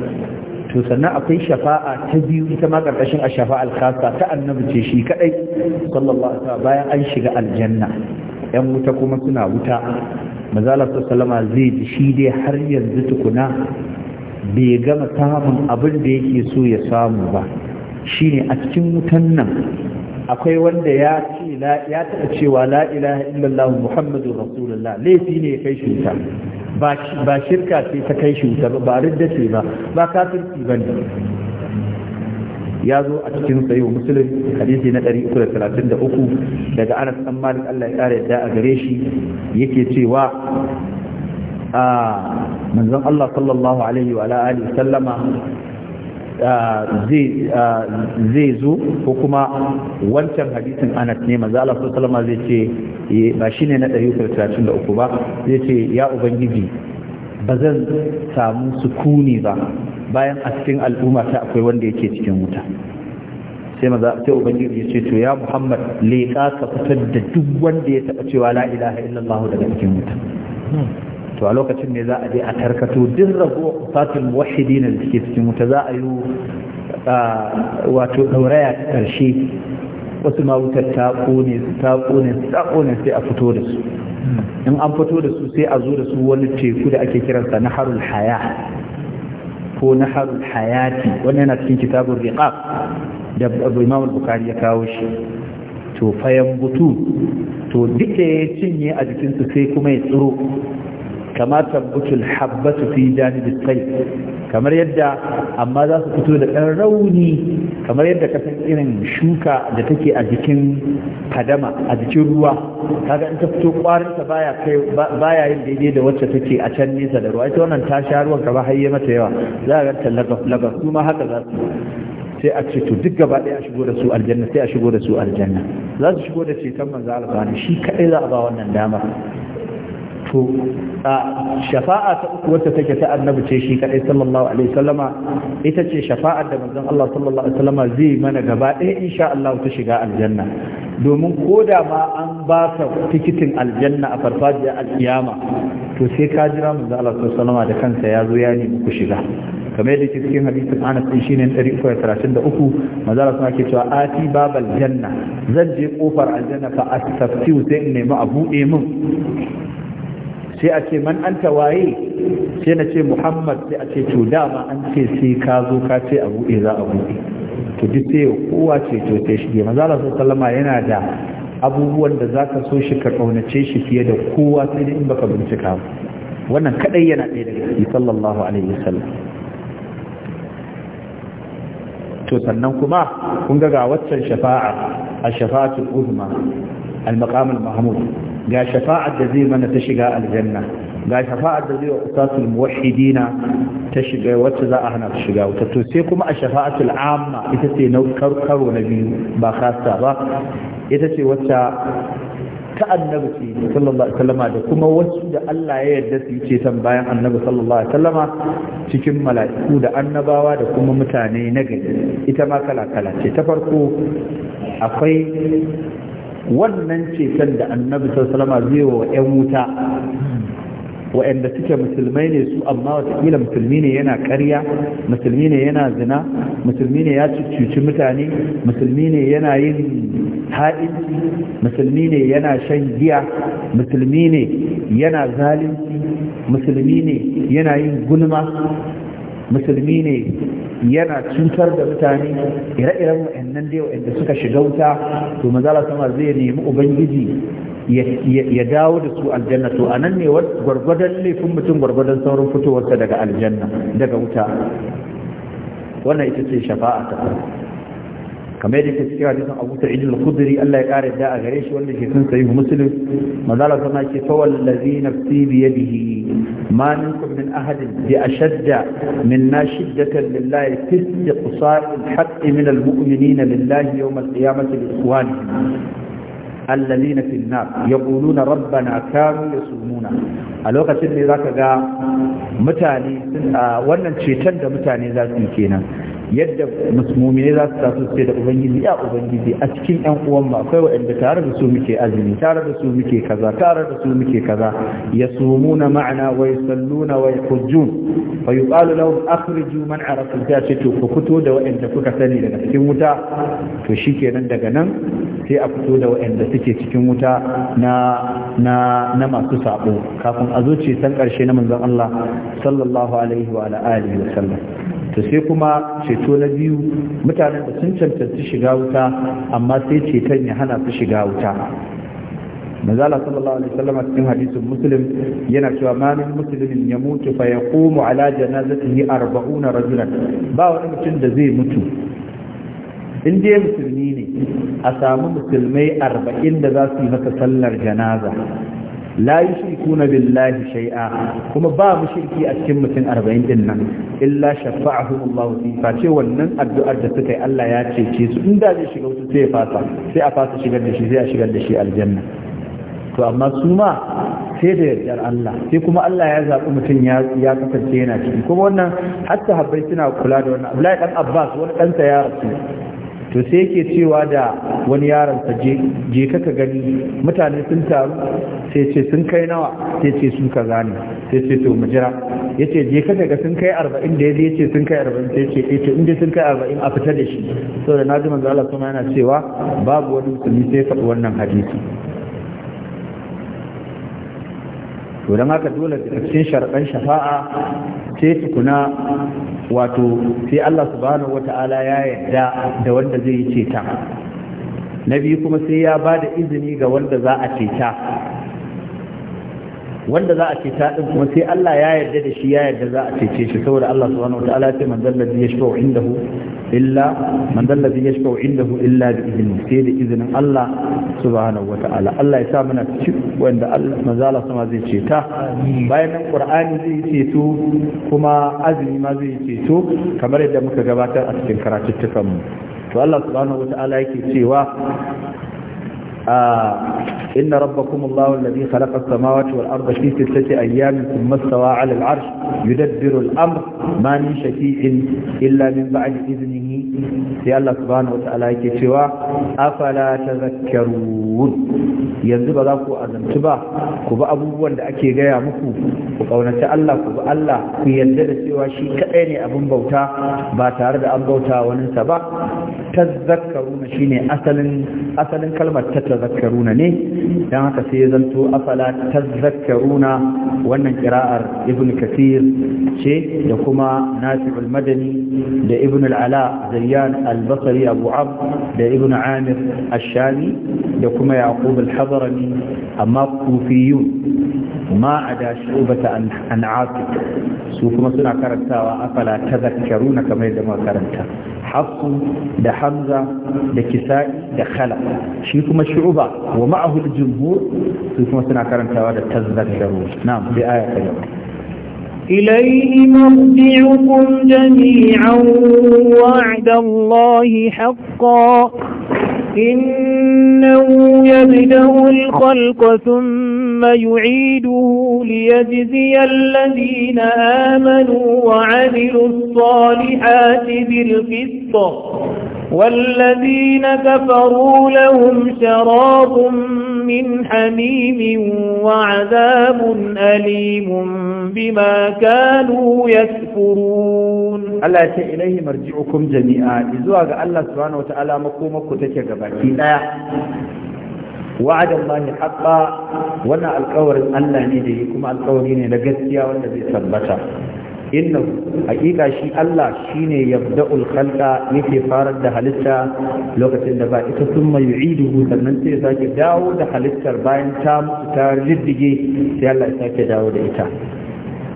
to sannan akwai shafa'a ta biyu ita ma ƙarƙashin a shafa'a khassa ta annabi ce shi kaɗai? sallallahu alaihi wasallam bayan an shiga aljanna yan wuta kuma suna wuta mazala sallama zai ji shi dai har yanzu tukuna bai gama samun abin da yake so ya samu ba shine a cikin wutan nan akwai wanda ya ce ya taɓa cewa la ilaha illallah muhammadu rasulullah laifi ne ya kai shi wuta ba shirka ce ta kai shi wuta ba ba ridda ce ba ba kafirci ba ne ya zo a cikin sayo musulun hadisi na 333 daga anas dan malik Allah ya tsara yadda a gare shi yake cewa a ah, manzon Allah sallallahu alaihi wa alihi sallama zai zo ko kuma wancan hadisin anas ne manzo Allah sallallahu zai ce eh, ba shine na 133 ba zai ce ya ubangiji ba zan samu sukuni ba bayan a cikin al'umma ta akwai wanda yake cikin wuta sai maza sai ubangiji ya ce to ya muhammad leƙa ka fitar da duk wanda ya taɓa cewa la ilaha illallah daga cikin wuta to a lokacin ne za a je a tarkato duk rago fatil muwahidi da suke cikin wuta za a yi wato ɗauraya ta ƙarshe wasu ma wutar ta ƙone ta ta sai a fito da su in an fito da su sai a zo da su wani teku da ake kiransa na harul haya ko na harul hayati wannan yana cikin kitabun riqaq da imam al-bukhari ya kawo shi to fayan butu to duk da ya cinye a jikinsu sai kuma ya tsiro kama tabbutul habbatu fi janibis sai, kamar yadda amma za su fito da ɗan rauni kamar yadda kasan irin shuka da take a jikin fadama a jikin ruwa kaga in ta fito kwarinta baya kai baya yin daidai da wacce take a can nesa da ruwa ita wannan ta sha ruwan ka ba hayye mata yawa za ka ganta lagaf lagaf su ma haka za su sai a ce to duk gaba ɗaya a shigo da su aljanna sai a shigo da su aljanna za su shigo da ceton manzo Allah shi kaɗai za a ba wannan damar. to a shafa'a ta uku wacce take ta annabi ce shi kadai sallallahu alaihi wasallama ita ce shafa'ar da manzon Allah sallallahu alaihi wasallama zai mana gaba ɗaya insha Allah ta shiga aljanna domin koda ma an ba ka tikitin aljanna a farfajiyar alkiyama to sai ka jira manzon Allah sallallahu alaihi wasallama da kansa ya zo ya nemi ku shiga kamar yadda ke cikin hadisin Anas din shine 333 manzon Allah yake cewa ati babal janna zan je kofar aljanna fa astaftiu sai in nemi a buɗe min sai a ce man an tawaye sai na ce muhammad sai a ce to dama an ce sai ka zo ka ce a buɗe za a buɗe to duk sai kowa ce to sai shi manzo Allah sallama yana da abubuwan da zaka so shi ka kaunace shi fiye da kowa sai dai in baka bincika ba wannan kadai yana ɗaya daga ciki sallallahu alaihi wasallam to sannan kuma kun ga ga waccan shafa'a a shafa'atul uzma al-maqam al-mahmud ga shafa'ar da zai mana ta shiga aljanna ga shafa'ar da zai wa usatul muwahhidina ta shiga wacce za a hana ta shiga wuta to sai kuma a shafa'atul amma ita ce na karo na biyu ba kasa ba ita ce wacce ta annabi ce sallallahu alaihi wasallama da kuma wasu da Allah ya yarda su yi ceton bayan annabi sallallahu alaihi wasallama cikin mala'iku da annabawa da kuma mutane na gari ita ma kala kala ce ta farko akwai wannan ceton da annabi sallama zai wa 'yan wuta Waɗanda suke musulmai ne su amma watakila musulmi ne yana ƙarya musulmi ne yana zina musulmi ne ya cuci mutane musulmi ne yana yin haɗin, musulmi ne yana shan giya musulmi ne yana zalunci musulmi ne yana yin gulma musulmi ne yana cutar da mutane ire-iren wa'annan da wa'anda suka shiga wuta to mazala sama zai nemi ubangiji ya dawo da su aljanna to a nan ne gwargwadon laifin mutum gwargwadon saurin fitowarsa daga aljanna daga wuta wannan ita ce shafa'a ta kamar yadda ke cikin hadisin Abu Sa'id al-Khudri Allah ya kare da a gare shi wanda ke sun sayi Muslim manzala sama ce fa wallazi nafsi bi yadihi ma minkum min ahadin bi ashadda minna shiddatan lillahi fi istiqsar al-haqq min al na lillahi yawm al-qiyamati bi ikhwanihim الذين في النار na ربنا ya sumuna. a lokacin ne zaka ga mutane wannan ceton da mutane za su yi kenan yadda musulmi za su taso sai da ubangiji ya ubangiji a cikin yan uwan mu akwai waɗanda tare da su muke azumi tare da su muke kaza tare da su muke kaza yasumuna ma'ana wa yusalluna wa yahujjun fa yuqalu lahum akhriju man arafu ta ce to ku fito da waɗanda kuka sani daga cikin wuta to shikenan daga nan sai a fito da waɗanda suke cikin wuta na na na masu sabo kafin a zo ce san karshe na manzon Allah sallallahu alaihi wa alihi wa sallam to sai kuma ce ceto na biyu mutanen da sun cancanci shiga wuta amma sai ceton ya hana su shiga wuta manzala sallallahu alaihi wasallam a cikin hadisin muslim yana cewa ma min muslimin ya mutu fa yaqumu ala janazatihi 40 rajulan ba wani mutum da zai mutu in dai musulmi ne a samu musulmai 40 da za su yi masa sallar janaza la yushrikuna billahi shai'a kuma ba mu shirki a cikin mutum arba'in din nan illa shafa'ahu Allahu fi ce wannan addu'ar da suka yi Allah ya ce cece su inda zai shiga wasu sai fasa sai a fasa shigar da shi sai a shigar da shi aljanna to amma su ma sai da yardar Allah sai kuma Allah ya zaɓi mutum ya kasance yana ciki kuma wannan hatta habbai suna kula da wannan Abdullahi dan Abbas wani ɗansa ya rasu to sai yake cewa da wani yaron ta je ka ka gani mutane sun taru sai ce sun kai nawa sai ce sun kaza ne sai ce to mu jira yace je ka daga sun kai 40 da yaje yace sun kai 40 sai ce eh to inda sun kai 40 a fita da shi saboda ji manzo Allah kuma yana cewa babu wani musulmi sai faɗi wannan hadisi to don haka dole da cikin sharɗan shafa'a sai tukuna wato sai Allah subhanahu wata'ala ya yarda da wanda zai yi ceta na biyu kuma sai ya ba da izini ga wanda za a ceta wanda za a ceta ɗin kuma sai Allah ya yarda da shi ya yarda za a cece shi saboda Allah subhanahu ta'ala ya ce man dalla bi yashfa'u indahu illa man dalla bi yashfa'u indahu illa bi idnihi sai da izinin Allah subhanahu ta'ala. Allah ya sa mana ci wanda Allah mazala sama zai ceta bayan nan Qur'ani zai ceto kuma azumi ma zai ceto kamar yadda muka gabatar a cikin karatuttukan mu to Allah subhanahu wataala yake cewa إن ربكم الله الذي خلق السماوات والأرض في ستة أيام ثم استوى على العرش يدبر الأمر ما من شفيع إلا من بعد إذنه في الله سبحانه وتعالى كتوى أفلا تذكرون ينزب ذاك أذن تبا كبا أبوه أن أكي غيا مكو وقونا الله كبا الله في ينزل سوى شيء كأني أبن بوتا باتارد أبن بوتا وننسى با تذكرون شيني أسل أسل كلمة تت tazakkaruna ne dan haka sai zanto afala tazakkaruna wannan kira'ar ibn kathir ce da kuma nafi'ul madani da ibn al-ala zayyan al-basri abu ab da ibn amir ash-shami da kuma yaqub al-hadrami amma kufiyun ma ada shubata an su kuma suna karantawa afala tazakkaruna kamar yadda muka karanta hafsu da hamza da kisa'i da khala shi kuma shu'ba wa ma'ahu al-jumhur kuma suna karantawa da tazakkaru na'am bi aya إليه مرجعكم جميعا وعد الله حقا إنه يبدأ الخلق ثم يعيده ليجزي الذين آمنوا وعملوا الصالحات بالقسط والذين كفروا لهم شراب من حميم وعذاب أليم بما كانوا يكفرون الله يتعي إليه مرجعكم جميعا إذو قال الله سبحانه وتعالى مقومك تكيغ baki daya wa'ada Allah haqqa wannan alƙawarin Allah ne da yi kuma alƙawari ne na gaskiya wanda zai tabbata inna haƙiƙa shi Allah shine yabda'ul khalqa yake farar da halitta lokacin da ba ita sun mai yu'iduhu sannan sai sake dawo da halittar bayan ta mutu ta riddige sai Allah ya sake dawo da ita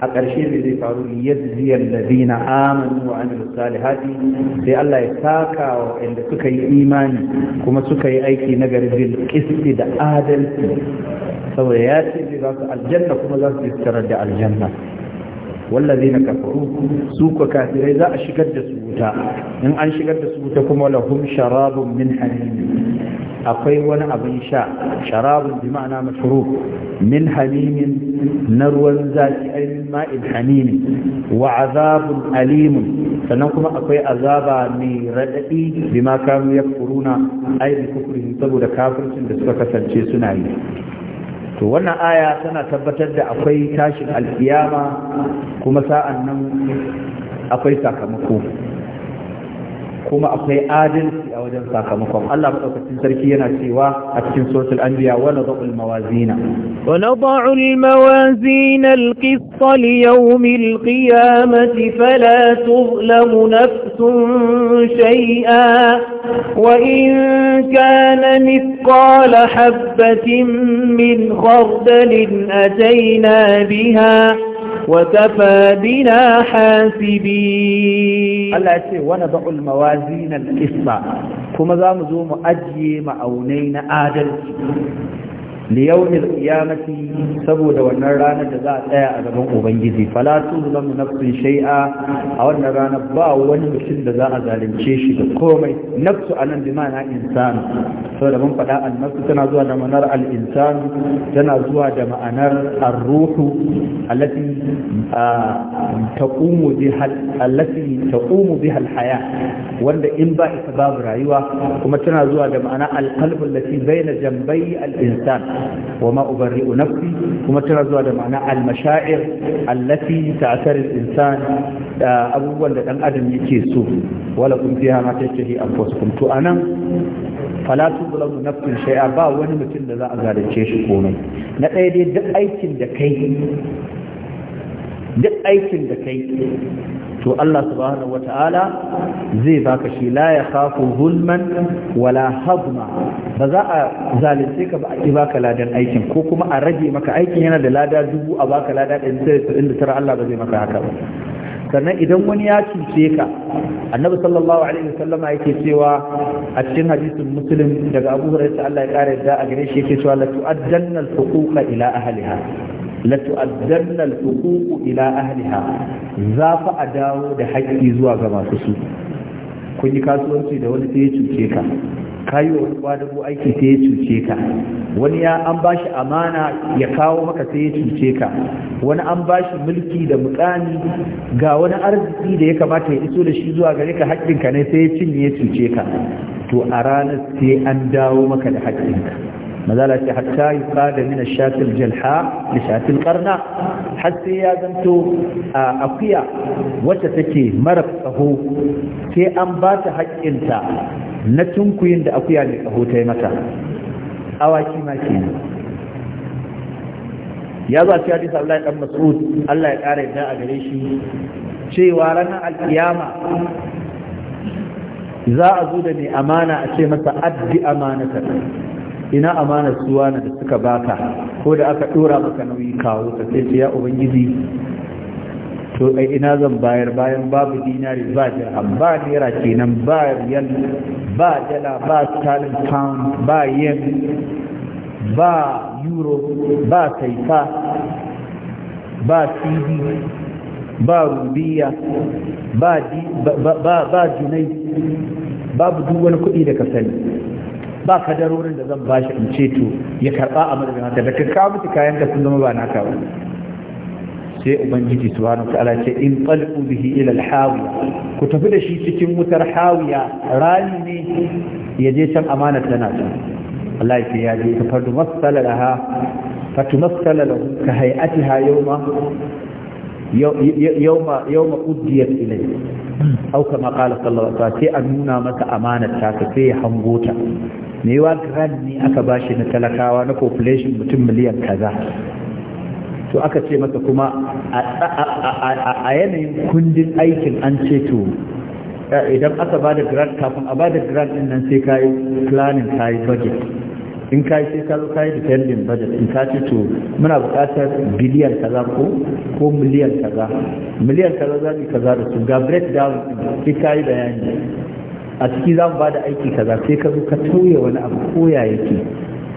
a ƙarshe mai zai faru yadziyar Zina, amanu wa amilu salihati sai Allah ya saka wa inda suka yi imani kuma suka yi aiki na gari bil da adalci saboda ya ce zai ba su aljanna kuma za su yi tarar da aljanna والذين كفروا سوق كافر إذا أشكد سوتا إن أنشكد سوتا كما لهم شراب من حميم akwai wani abin sha sharabun bi ma'ana mashrub min hamimin na ruwan zaki ay ma'in hamimi wa azabun alim sannan kuma akwai azaba mai raɗaɗi, bi ma kanu yakfuruna ay bi kufrihim saboda kafircin da suka kasance suna yi to wannan aya tana tabbatar da akwai tashin alkiyama kuma sa'an nan akwai sakamako kuma akwai adalci a wajen sakamakon Allah madaukakin sarki yana cewa a cikin suratul anbiya wa nadul mawazina wa nadul mawazina alqist li yawmil qiyamati fala tuzlamu nafsun shay'a wa in kana mithqala habatin min khardalin atayna biha وكفى بنا حاسبين الله يقول ونضع الموازين القسط كما زامزوم أجي معونين آدل liyaunil qiyamati saboda wannan ranar da za a tsaya a gaban ubangiji fala tuzlamu nafsun shai'a, a wannan ranar ba wani mutum da za a zalunce shi da komai nafsu anan bi ma'ana insanu saboda mun faɗa an nafsu tana zuwa da ma'anar al insanu tana zuwa da ma'anar ar-ruhu allati taqumu biha allati taqumu biha al-haya wanda in ba ita babu rayuwa kuma tana zuwa da ma'ana al-qalbu allati bayna jambai al-insan wa ma ubarri'u nafsi kuma tana zuwa da ma'ana al-mashaa'ir allati ta'tar al da abubuwan da dan adam yake so wala kun fiha ma tashtahi anfusukum to anan fala tuzlamu nafsin shay'a ba wani mutum da za a zalunce shi komai na ɗaya dai duk aikin da kai duk aikin da kai to Allah subhanahu wata'ala zai baka shi la ya khafu zulman wala hazma ba za a zalunce ka ba a ki baka ladan aikin ko kuma a rage maka aikin yana da lada dubu a baka lada ɗari da tara Allah ba zai maka haka ba sannan idan wani ya cuce ka annabi sallallahu alaihi wasallam yake cewa a cikin hadisin muslim daga abu hurairah Allah ya kare da a gare shi yake cewa la tu'addanna al-huquqa ila ahliha لتؤذن الحقوق إلى أهلها زاف da ده zuwa ga masu su? kun yi kasuwanci da wani sai ya cuce ka kayi wa wani kwadago aiki sai ya cuce ka wani ya an bashi amana ya kawo maka sai ya cuce ka wani an bashi mulki da mukami ga wani arziki da ya kamata ya iso da shi zuwa gare ka haƙƙinka ne sai ya cinye ya cuce ka to a ranar sai an dawo maka da haƙƙinka mazala ce hatta yi kada mina shatil jalha da shatil karna har sai ya zanto a akuya wacce take mara tsaho sai an ba ta haƙƙinta na tunkuyin da akuya mai tsaho ta yi mata awaki ma kenan ya za ci hadisa Allah dan Mas'ud Allah ya ƙara da a gare shi cewa ranar alkiyama za a zo da mai amana a ce masa addi amanata ina amanar suwa na da suka baka ko da aka dora maka nauyi kawo ka sai ce ya ubangiji to ai ina zan bayar bayan babu dinari ba dirham ba naira kenan ba riyal ba dala ba sterling pound ba yen ba euro ba saifa, ba cd ba rubiya ba junai babu duk wani kuɗi da ka sani ba kadarorin da zan bashi in ce to ya karɓa a madadin da ka kawo miki kayan da sun zama ba naka ba sai ubangiji subhanahu ta'ala ce in talqu bihi ila al-hawiya ku tafi da shi cikin wutar hawiya rani ne ya je can amana tana can Allah ya ya je ka fadu masala laha fatumassala lahu ka hay'atiha yawma yau ma ilai auka makala sallallahu sai a nuna masa amanar taka sai ya hango ta mewa grand ne aka ba shi na talakawa na population mutum miliyan kaza to aka ce masa kuma a yanayin kundin aikin an ce to idan aka ba da grant kafin a ba da grant din nan sai ka yi planning ka yi budget in ka yi sai ka zo ka yi dependent budget in ka ce to muna buƙatar biliyan kaza ko ko miliyan kaza miliyan kaza za mu kaza da su ga breakdown sai ka yi bayani a ciki za mu ba da aiki kaza sai ka zo ka tauye wani abu koya yake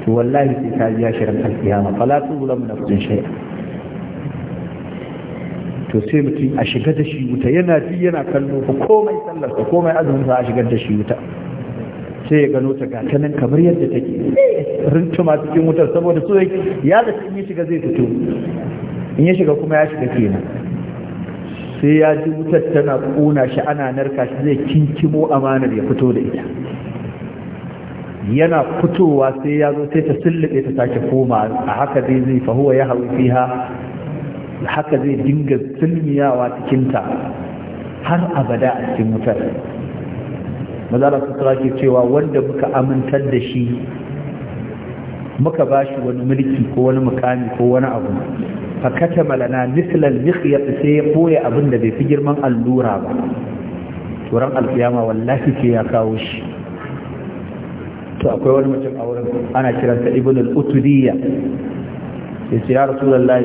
to wallahi sai ka ji shirin alkiyama fala tuzlamu nafsun shay'a to sai mutum a shiga da shi wuta yana ji yana kallo komai ko komai azumin sa a shigar da shi wuta sai ya gano ta ga nan kamar yadda take rintuma cikin wutar saboda so ya da in ya shiga zai fito in ya shiga kuma ya shiga kenan sai ya ji wutar tana kuna shi ana narka shi zai kinkimo amanar ya fito da ita yana fitowa sai ya zo sai ta sullube ta sake koma a haka zai zai fahuwa ya hawi fiha haka zai dinga sulmiyawa cikinta har abada a cikin wutar mazala sutura ke cewa wanda muka amintar da shi muka ba shi wani mulki ko wani mukami ko wani abu fakata malana mislal mikhyat sai ya koya abin da bai fi girman allura ba turan alkiyama wallahi ce ya kawo shi to akwai wani mutum a wurin ana kiranta ibn al-utudiyya sai ce ya rasulullahi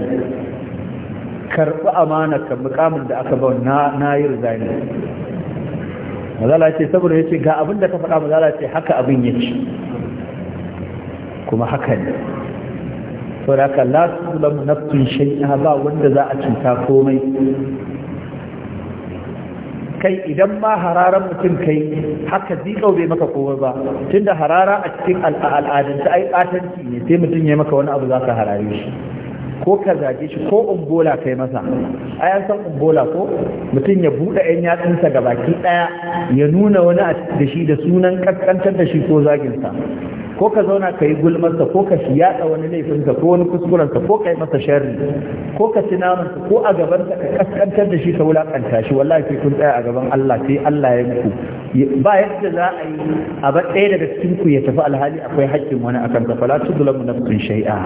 karbi amana kan mukamin da aka ba na na yi rizani mazala ce saboda ya ce ga abin da ka faɗa mazala ce haka abin ya ce kuma haka ne sau da aka lasu lamu nafsun ya ba wanda za a cinta komai kai idan ma hararar mutum kai haka zikau bai maka kowa ba tun da harara a cikin al'adance ai ɓatanci ne sai mutum ya maka wani abu za ka harare shi ko ka zage shi ko umbola kai masa a yan san umbola ko mutum ya buɗe yan yatsunsa ga baki ɗaya ya nuna wani da shi da sunan kaskantar da shi ko zaginsa ko ka zauna ka yi gulmarsa ko ka yaɗa wani laifinsa ko wani kuskurensa ko ka yi masa sharri ko ka ci namansa ko a gabansa ka ƙasƙantar da shi ka wulaƙanta shi wallahi sai kun tsaya a gaban Allah sai Allah ya muku ba yadda za a yi a ba ɗaya daga cikin ku ya tafi alhali akwai haƙƙin wani akan ka fala tudlamu nafsin shay'a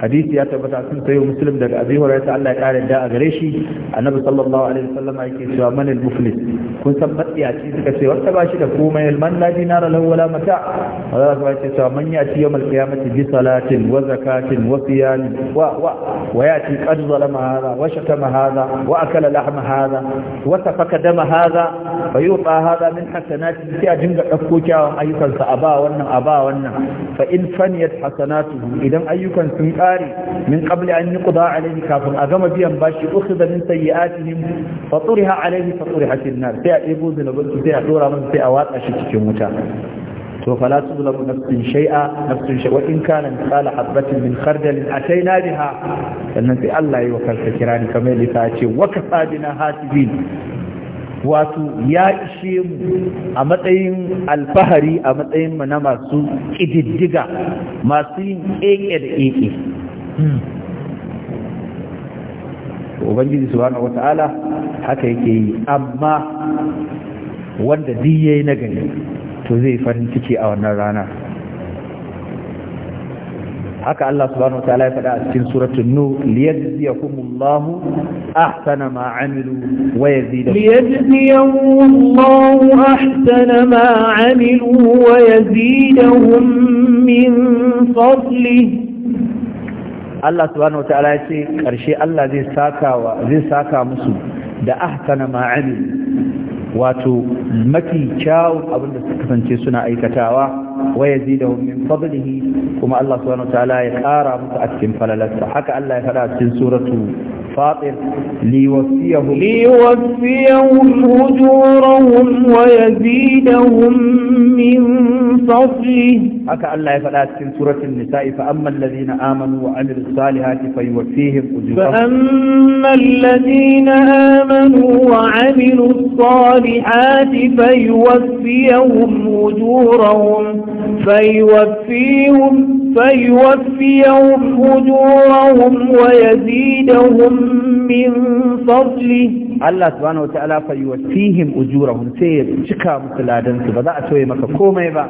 hadisi ya tabbata sun sayo muslim daga abi hurairah Allah ya kare da a gare shi annabi sallallahu alaihi wasallam yake cewa man al muflis kun san matsiyaci suka ce ba shi da komai al man la dinara lahu wala mata Allah ya ce cewa man yati yawm al qiyamati bi salatin wa zakatin wa siyam wa wa wa qad zalama wa shatama wa akala lahma wa tafaka dama fa min hasanati sai a dinga dauko kyawun ayyukansa a ba wannan a ba wannan fa in faniyat idan ayyukan sun kare min qabli an yuqda alayhi kafin a gama biyan bashi ukhidha min sayyi'atihim fa alayhi fa turiha fil nar sai a debo zunubin sai a dora masa sai a watsa shi cikin wuta to fala tuzlamu nafsin shay'a nafsin shay'a wa in kana misala habatin min khardal ataina biha sannan sai Allah ya wa kansa kirani kamar yadda ya ce wa kasabina hatibin wato ya ishe mu a matsayin alfahari a matsayin mu na masu ƙididdiga masu yin ƙeƙe da ƙeƙe ubangiji subhanahu wata'ala haka yake yi amma wanda duk na gani to zai farin ciki a wannan rana haka Allah subhanahu wataala ya faɗa a cikin suratul nur liyajziyahumullahu ahsana ma amilu wa yazidahum liyajziyahumullahu ahsana ma amilu wa yazidahum min fadlihi Allah subhanahu wataala ya ce ƙarshe Allah zai saka wa zai saka musu da ahsana ma amilu wato mafi kyawun abin da suka kasance suna aikatawa ويزيدهم من فضله كما الله سبحانه وتعالى يقارى متأكد فلا لسه حكى الله يفعل في سورة الفاطر ليوفيهم ليوفيهم أجورهم ويزيدهم من فضله هكا الله يفعل في سورة النساء فأما الذين آمنوا وعملوا الصالحات فيوفيهم أجورهم فأما الذين آمنوا وعملوا الصالحات فيوفيهم أجورهم فيوفيهم فيوفيهم أجورهم ويزيدهم من فضله Allah subhanahu wata'ala fa ujura ujurahum sai ya cika musu ladan su ba za a toye maka komai ba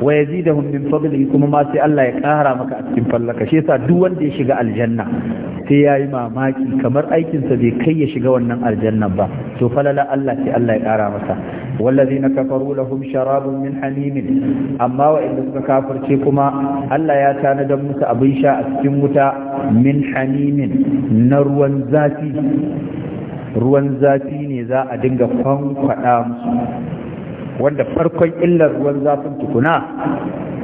wa yazidahum min fadlihi kuma ma sai Allah ya kara maka a cikin fallaka shi yasa duk wanda ya shiga aljanna sai yayi mamaki kamar aikin sa bai kai ya shiga wannan aljanna ba to falala Allah sai Allah ya kara masa wallazina kafaru lahum sharabun min hamimin amma wa inda suka kafirce kuma Allah ya tanadar musu abin sha a cikin wuta min hamimin na ruwan zafi ruwan zafi ne za a dinga kwankwada musu wanda farkon illar ruwan zafin tukuna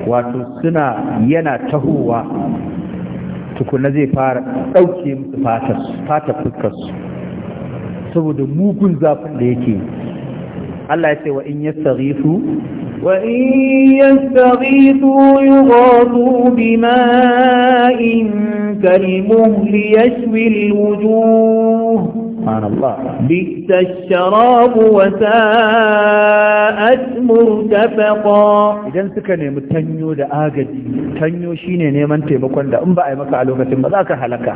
wato suna yana tahowa tukuna zai fara ɗauke musu fata fuskarsu saboda mugun zafin da yake Allah ya ce wa in yastaghithu wa in yastaghithu yughathu bima'in kalmuhli yashwi alwujuh سبحان الله بئس الشراب وساءت مرتفقا idan suka nemi tanyo da agaji tanyo shine neman taimakon da in ba a yi maka a lokacin ba za halaka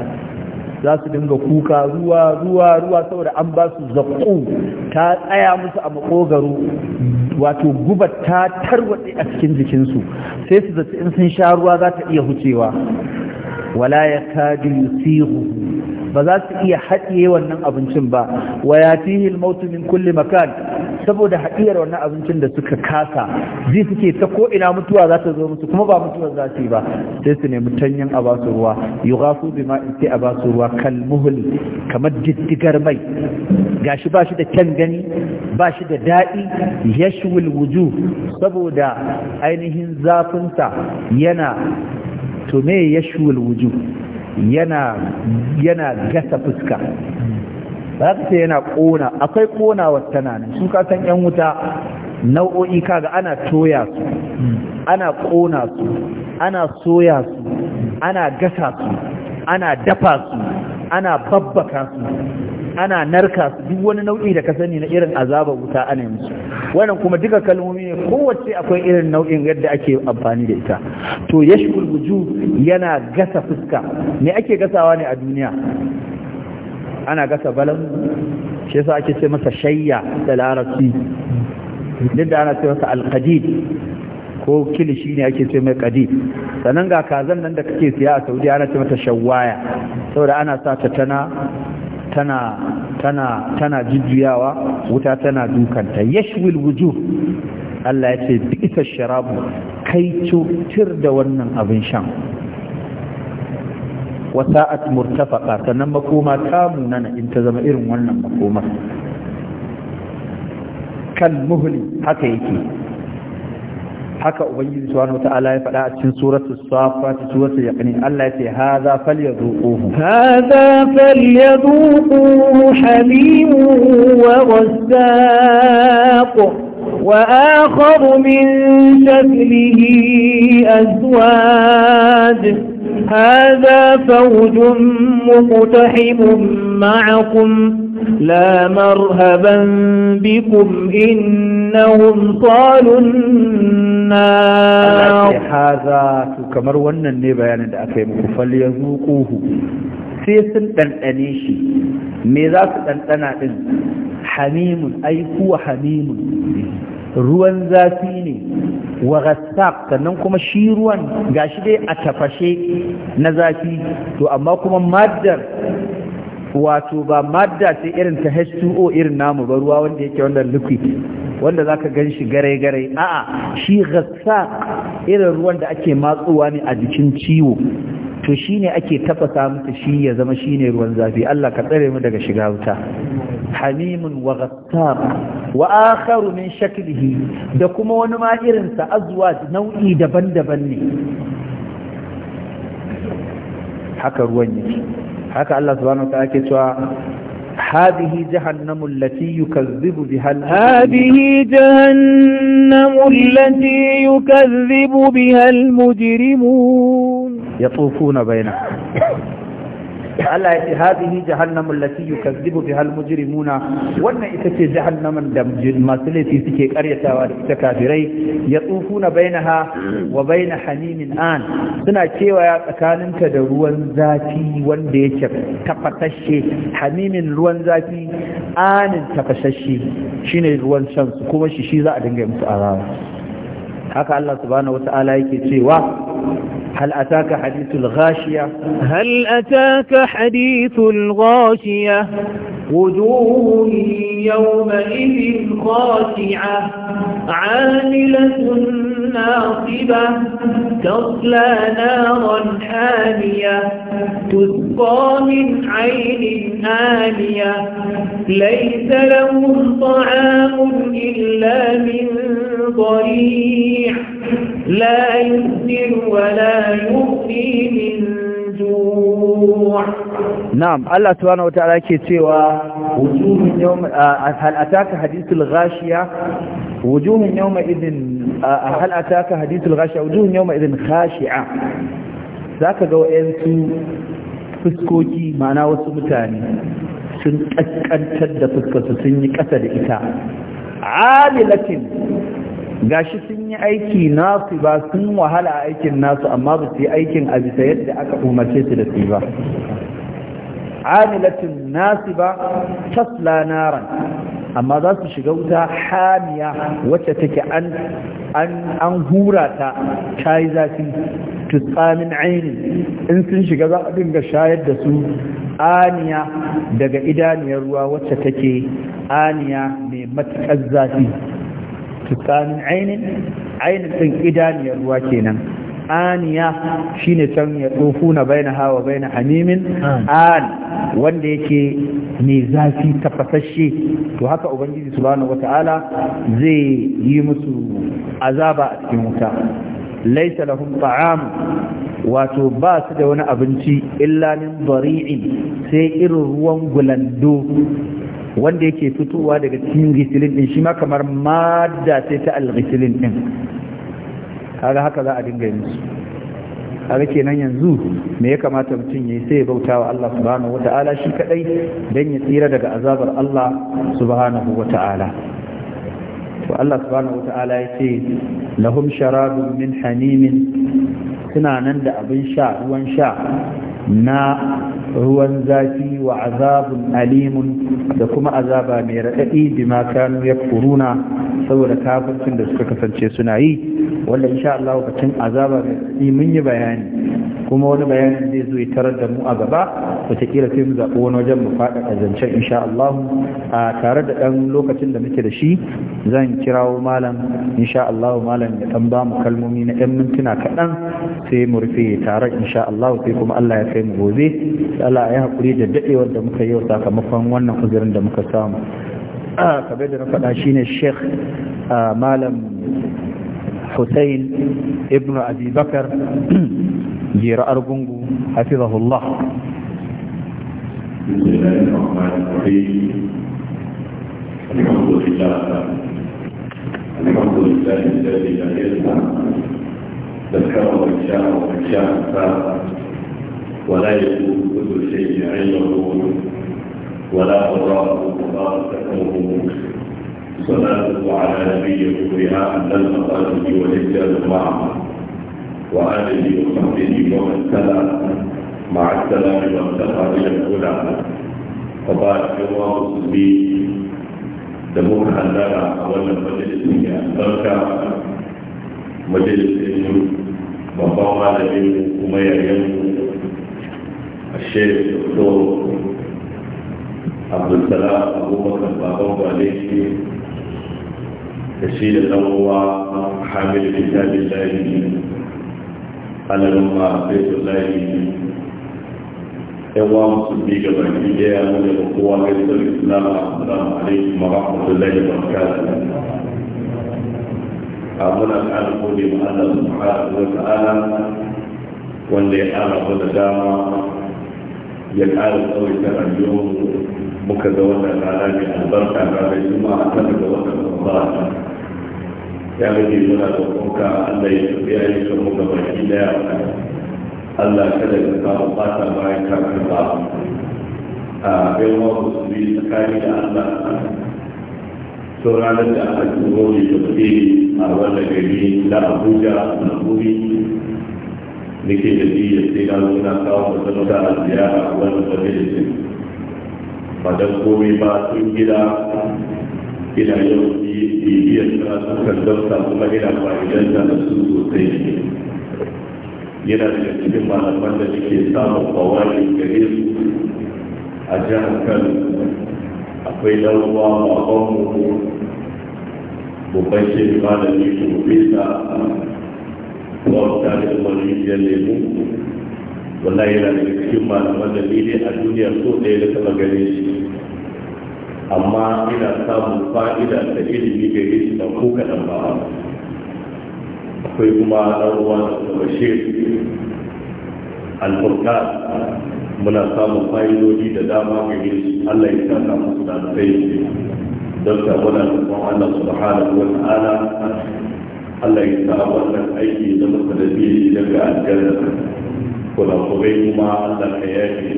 za su dinga kuka ruwa ruwa ruwa saboda an ba su zaƙo ta tsaya musu a makogaro wato guba ta tarwaɗe a cikin jikinsu sai su zaci in sun sha ruwa za ta iya hucewa wala ya kadi yusihu ba za su iya haɗiye wannan abincin ba wa yatihi mautu min kulli makan saboda haɗiyar wannan abincin da suka kasa zai suke ta ko ina mutuwa za ta zo musu kuma ba mutuwa za su yi ba sai su nemi tanyan a ba su ruwa yughasu bima sai a ba su ruwa kamar diddigar mai gashi ba shi da kyan gani ba shi da daɗi yashwil wuju. saboda ainihin zafinsa yana to me yashwil wuju. yana gasa fuska ba za ta yana kona akwai kona tana nan su kasan yan wuta nau'o'i kaga ana toya su ana kona su ana soya su ana gasa su ana dafa su ana babbaka su ana narka su duk wani nau'i da ka sani na irin azaba wuta ana musu wannan kuma duka kalmomi ne kowace akwai irin nau'in yadda ake amfani da ita to yashkul wuju yana gasa fuska me ake gasawa ne a duniya ana gasa balan shi yasa ake ce masa shayya da larabci duk da ana ce masa alqadid ko kilishi ne ake ce mai kadi sannan ga kazan nan da kake siya a saudi ana ce mata shawaya saboda ana sa ta tana tana tana tana jujjuyawa wuta tana dukanta yashwil wujuh Allah ya ce bi'sa sharabu kai cutar da wannan abin shan wasa'at murtafaqa sannan makoma ta munana in ta zama irin wannan makomar Kan muhli haka yake haka ubangiji subhanahu wataala ya faɗa a cikin suratul safat suratul yaqin Allah yace hadha falyadhuquhu hadha falyadhuquhu hamim wa ghazzaq wa akhar min shaklihi azwaj hadha fawjun muqtahim ma'akum لا مرهبا بكم إنهم صالوا النار هذا كمر ونن نبيان دعكي مغفل يذوقوه sai sun ɗanɗane shi me za su ɗanɗana ɗin hamimun ai kuwa hamimun ruwan zafi ne wa gassaq sannan kuma shi ruwan gashi dai a tafashe na zafi to amma kuma maddar wato ba madda ce irin ta H2O irin namu ba ruwa wanda yake wannan liquid wanda zaka gan shi gare-gare a'a shi gassa irin ruwan da ake matsuwa ne a jikin ciwo to shine ake tafasa musu shi ya zama shine ruwan zafi Allah ka tsare mu daga shiga wuta hamimun wa ghassaq wa akharu min shaklihi da kuma wani ma irin sa azwa nau'i daban-daban ne haka ruwan yake حكى الله سبحانه وتعالى ta'ala هذه جهنم التي يكذب بها هذه جهنم التي يكذب بها المجرمون يطوفون بينها Allah ya ce hadhihi jahannamul lati yukazzibu bihal mujrimuna wannan ita ce jahannaman da masu laifi suke karyatawa da ita kafirai ya tsufuna bainaha wa baina Hamimin an suna kewaya tsakaninka da ruwan zafi wanda yake tafatashe Hamimin ruwan zafi anin tafasashe shine ruwan shan kuma shi shi za a dinga musu azaba haka Allah subhanahu wata'ala yake cewa هل أتاك حديث الغاشية هل أتاك حديث الغاشية وجوه يومئذ خاشعة عاملة ناصبة تصلى نارا حامية تسقى من عين عالية ليس لهم طعام إلا من ضريع لا يسر ولا يغني من نعم الله سبحانه وتعالى yake cewa wujuhun yawma hal ataka hadithul ghashiya wujuhun yawma idin zaka ga wayansu fuskoki ma'ana wasu mutane sun ƙanƙantar da fuskarsu sun yi ƙasa da ita alilatin gashi sun yi aiki nasu ba sun wahala a aikin nasu amma ba su yi aikin a bisa yadda aka umarce su da su ba amilatin nasiba tasla naran amma za su shiga wuta hamiya wacce take an an hura ta tayi zafi tutsamin aini in sun shiga za a dinga shayar da su aniya daga idaniyar ruwa wacce take aniya mai matukar zafi tutsamin aini aini ɗin idaniyar ruwa kenan aniya shine can ya tsofuna baina hawa baina hamimin an wanda yake mai zafi tafasashe to haka ubangiji subhanahu wata'ala zai yi musu azaba a cikin wuta laisa lahum ta'am wato ba su da wani abinci illa min bari'in sai irin ruwan gulando wanda yake fitowa daga cikin gisilin din shi ma kamar madda sai ta algisilin din kaga haka za a dinga yi musu kaga kenan yanzu me ya kamata mutum yi sai ya bauta wa Allah subhanahu wata'ala shi kadai dan ya tsira daga azabar Allah subhanahu wata'ala to Allah subhanahu wata'ala ya ce lahum sharabun min hanimin suna nan da abin sha ruwan sha na ruwan zafi wa azabun alimun da kuma azaba mai raɗaɗi bi ma kanu ya kuruna saboda kafircin da suka kasance suna yi wanda insha Allah lokacin azaba mai raɗaɗi mun yi bayani kuma wani bayanin zai zo ya tarar da mu a gaba wataƙila sai mu zaɓi wani wajen mu faɗaɗa zancen insha Allah a tare da ɗan lokacin da muke da shi zan kirawo malam insha Allah malam ya ɗan ba mu kalmomi na ɗan mintuna kaɗan sai mu rufe taron insha Allah sai kuma Allah ya kai mu gobe sai Allah ya hakuri da dadewar da muka yi sakamakon wannan uzurin da muka samu kabe da na faɗa shine Sheikh Malam Hussein Ibn Abi Bakar Jira Argungu hafizahullah بسم الله الرحمن الرحيم الحمد لله الحمد لله الذي لا يسمع ذكره من شاء ومن شاء فاق ولا يكون كل شيء عنده ولا قضاء مباركته صلاته على نبيه بها أن المقاتل والرجال معه وآله وصحبه ومن تلا مع السلام والتقى إلى الأولى وبارك الله بي دموك أن نرى أولا مجلس البركة مجلس بابا على بن أمير الشيخ الدكتور عبد السلام أبو بكر بابا عليه تشيل الأنواع حامل كتاب الله على نوم بيت الله إخوان صديقة بكتابة من الأخوة الإسلام عليكم ورحمة الله وبركاته muna ƙara gode ma Allah subhanahu wa ta'ala wanda ya ƙara mu da dama ya ƙara tsawaita rayuwar muka ga wannan rana mai albarka ranar juma'a ta daga wannan ramadan ya gaji muna da kuka Allah ya tafiya ya kan mu gaba ki daya Allah kada ka samu fata bayan ka karba a su musulmi tsakani da Allah sauran da aka turo ne da kuɗi a wannan gari na abuja na kuri nake da shi ya ce na nuna kawo da sanata a ziyara a wannan majalisin ba don komai ba sun gida ina yau bibiyar karatukan dauka kuma ina fa'idanta da su sosai yana daga cikin malaman da nake samun kawai gare su a jihar kano akwai ɗan uwa babanmu babban shehu malami ke bisa wata da ah, ya lemu wallahi yana da cikin malaman da ni dai a duniya so ɗaya da taɓa gane shi amma ina samun fa'ida da ilimi da shi da ko kaɗan ba akwai kuma ɗan uwa da kuma muna samun fa'idoji da dama gare shi Allah ya saka musu da alfai dauka wannan kuma Allah subhanahu wa ta'ala Allah ya sa wannan aiki da muka da biyu daga aljanna kuma kuma kuma Allah ka yafe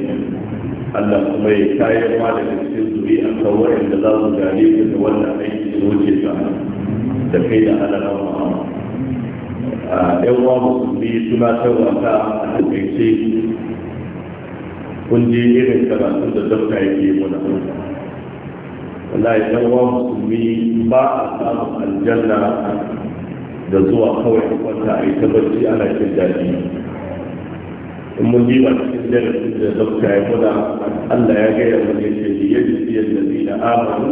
Allah kuma ya kayar ma daga cikin a ta wa'anda za su gane ku da wannan aiki da wuce ka da kai da Allah Muhammad yan uwa musulmi suna tarwa ta a takaice kun je irin karatun da dokta yake muna wallahi dan wa musulmi ba a samun aljanna da zuwa kawai a kwanta a yi ta barci ana cin daɗi in mun ji ba cikin darasin da dokta ya gwada Allah ya gaya mu ne ce ya ji siyar da zina amanu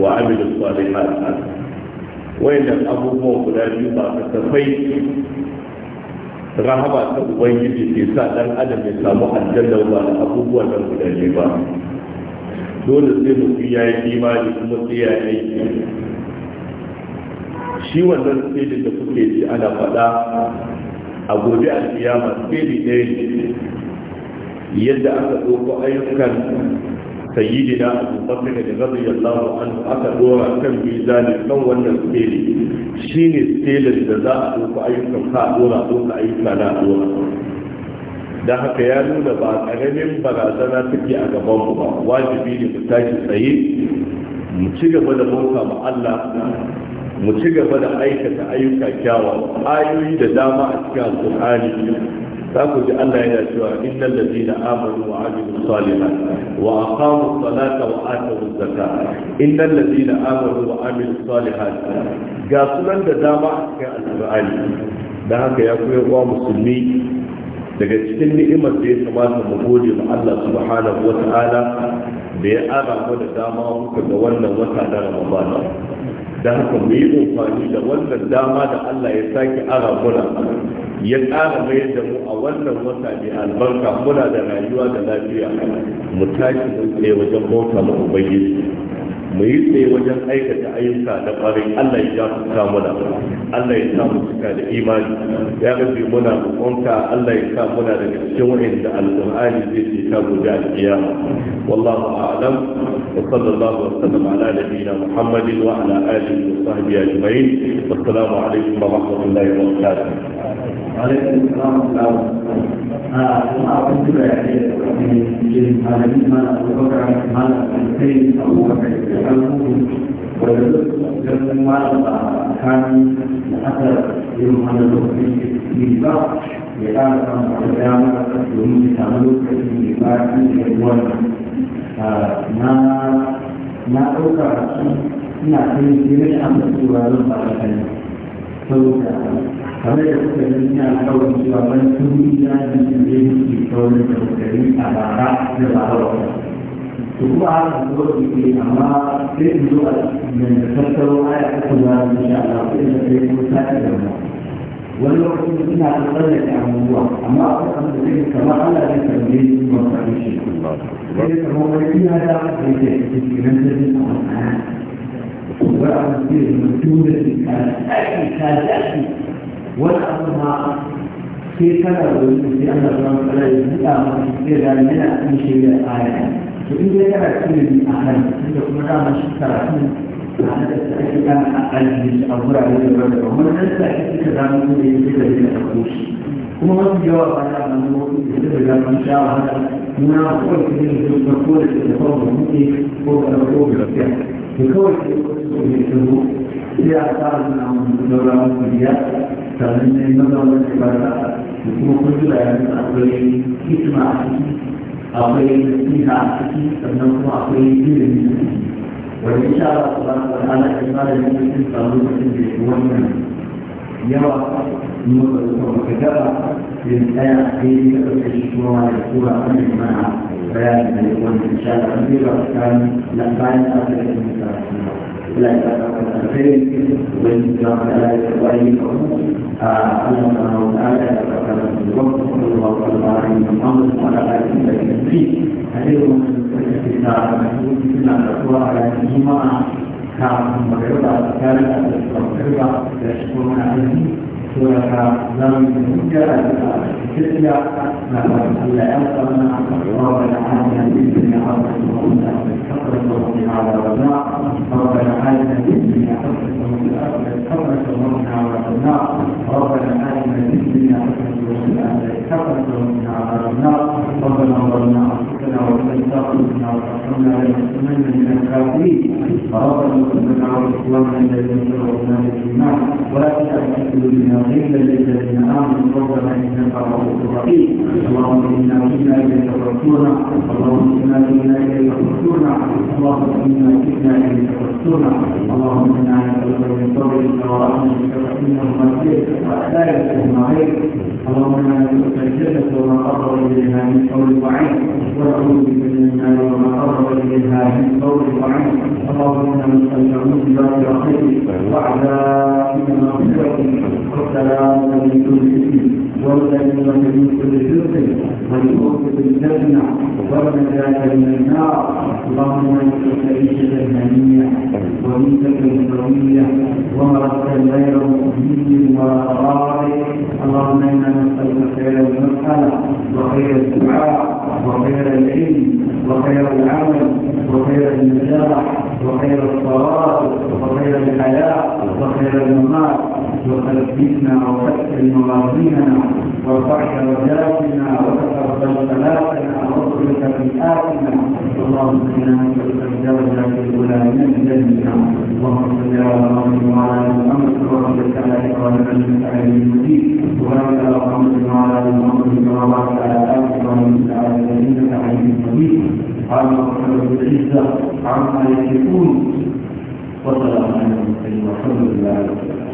wa su amilu salihat wayannan abubuwan guda biyu ba ka tafai rahama ta ubangiji ke sa dan adam ya samu aljanna ba da abubuwan nan guda biyu ba dole sai mutum ya yi imani kuma sai ya yi shi wannan sai da kuke ji ana faɗa a gobe a kiyama sai ɗaya yadda aka ɗauko ayyukan sayyidina abubakar da radiyallahu an aka dora kan mizanin kan wannan shi shine sai da za a ɗauko ayyukan ka a ɗora ɗauka ayyuka na a ɗora da haka ya nuna ba karamin barazana take a gabanmu ba wajibi ne mu tashi tsaye mu ci gaba da bauta ma Allah mu ci gaba da aikata ayyuka kyawawa ayoyi da dama a cikin alƙur'ani za ku ji Allah yana cewa innal ladina amanu wa amilu salihat wa aqamu salata wa atu zakata innal ladina amanu wa amilu salihat ga sunan da dama a cikin alƙur'ani da haka ya koyar wa musulmi daga cikin ni'imar da ya kamata mu gode ma Allah subhanahu wa da ya ara mu da dama muka ga wannan wata da Ramadana da haka mu yi amfani da wannan dama da Allah ya sake ara muna ya ƙara mayar da mu a wannan wata mai albarka muna da rayuwa da lafiya mu tashi mu tsaye wajen bauta mu ubangiji mu yi tsaye wajen aikata ayyuka da ƙwarai Allah ya ja muna Allah ya sa mu cika da imani ya rabbi muna roƙonka Allah ya sa muna daga cikin wa'inda alƙur'ani zai ce ta gobe alƙiyama wallahu a'lam wa sallallahu wa sallama ala nabiyyina muhammadin wa ala alihi wa sahbihi ajma'in wassalamu alaikum wa rahmatullahi wa barakatuh alaikum salam. wa rahmatullah a kuma abin da ya ce malamin mana abubakar mana sai abubakar abubuwan wanda ganin malam ba kani da aka yi wani lokaci ne ba ya ƙara samun wata dama domin ya samu lokaci ne ba shi da wannan na ɗauka su ina kai ne an da tura zan ba da kai saboda kamar da kuka yi ina kawai cewa ban tuni na da ke da kawai da kokari a bara da bara wata هو على الدور في أما في الدول من تفسروا آية كلها إن شاء الله إلا في مسائل ولو كنت كنا نتكلم عن الموضوع أما أعتقد ذلك كما قال ذلك الدين المصري شيء ذلك هو فيها دعوة بيتين في منزل وأنا في المسجد كان أحكي كان أحكي والأمر في كلام في أن الرسول صلى الله عليه وسلم في ذلك من أحكي شيء آية to in dai kana cikin da a nan tunda kuma dama shi karatu a nan da ake kan ajiye a wurare da ba da ba wani nan da ake cika zama ko da yake da yake da koshi kuma mafi yawa ba ta nan da da da zaman sha wahala muna kawai cikin da su da ko da ke da kawo da muke ko da ko da ke to kawai ke so ne ta zo sai a tsara suna mun daura mun biya sannan ne maza wani ba ta kuma kun jira yanzu akwai hikima a ciki akwai nasiha a ciki sannan kuma akwai ilimi a ciki wani insha Allah subhanahu wa ta'ala in ba da mutum samu mutum da shi wannan yawa المطلق وكذا للآية في كتب الشورى يقول عن المنع بيان من يكون إن شاء الله كبيرة كان لأبان أفضل المتعلمين لا يتعلم الخير والإنسان لا يتعلم أن الله تعالى يتعلم الوقت صلى الله عليه وسلم وعلى آله وسلم فيه هذه كان مغربا كان مغربا يشكرون عليه ولا لم يرجع الفتية نحن إلا أنقلنا ربنا عالمنا بإذن حقك وقلنا حقك وقلنا على ربنا ربنا عالمنا بإذن حقك وقلنا حقك وقلنا على ربنا ربنا عالمنا بإذن حقك وقلنا حقك وقلنا على ربنا ربنا ظلمنا ربنا وتنصرنا وتحرمنا ولنكونن من الكافرين فربنا وتنصرنا واخواننا الذين سبقونا بالايمان ولا تجعل في قلوبنا للذين امنوا ربنا انك رؤوف رحيم اللهم انا كنا اليك رسولنا اللهم انا كنا اليك رسولنا اللهم انا كنا اليك رسولنا اللهم انا نسالك من فضلك ورحمتك فانه مسجد لا يكون عليك اللهم انا نسالك الجنه وما قرب اليها من قول وعين أعوذ بك وما قرب إليها من قول وعمل اللهم إنا نستمتعون بذلك الخير وعلى إنما خيركم والسلام من كل وارزقنا من كل رزق والموت بالجنة ونجاك من النار اللهم انك عيشة هنية وميتة سوية ومرضا مؤمن ولا اللهم انا نسألك خير المسألة وخير الدعاء وخير العلم وخير العمل وخير النجاح وخير الصلاة وخير الحياة وخير الممات وخلفنا وفتح مواطننا وارفع درجاتنا وتقبل صلاتنا واصلك بآتنا اللهم انا نسألك الدرجة الأولى من الجنة اللهم صل على محمد وعلى آل محمد كما وعلى على محمد وعلى ال محمد وعلى ال محمد وعلى آل محمد ال محمد على آل محمد محمد وعلى ال محمد وعلى ال العزة عما يشركون وصلى على المرسلين والحمد لله رب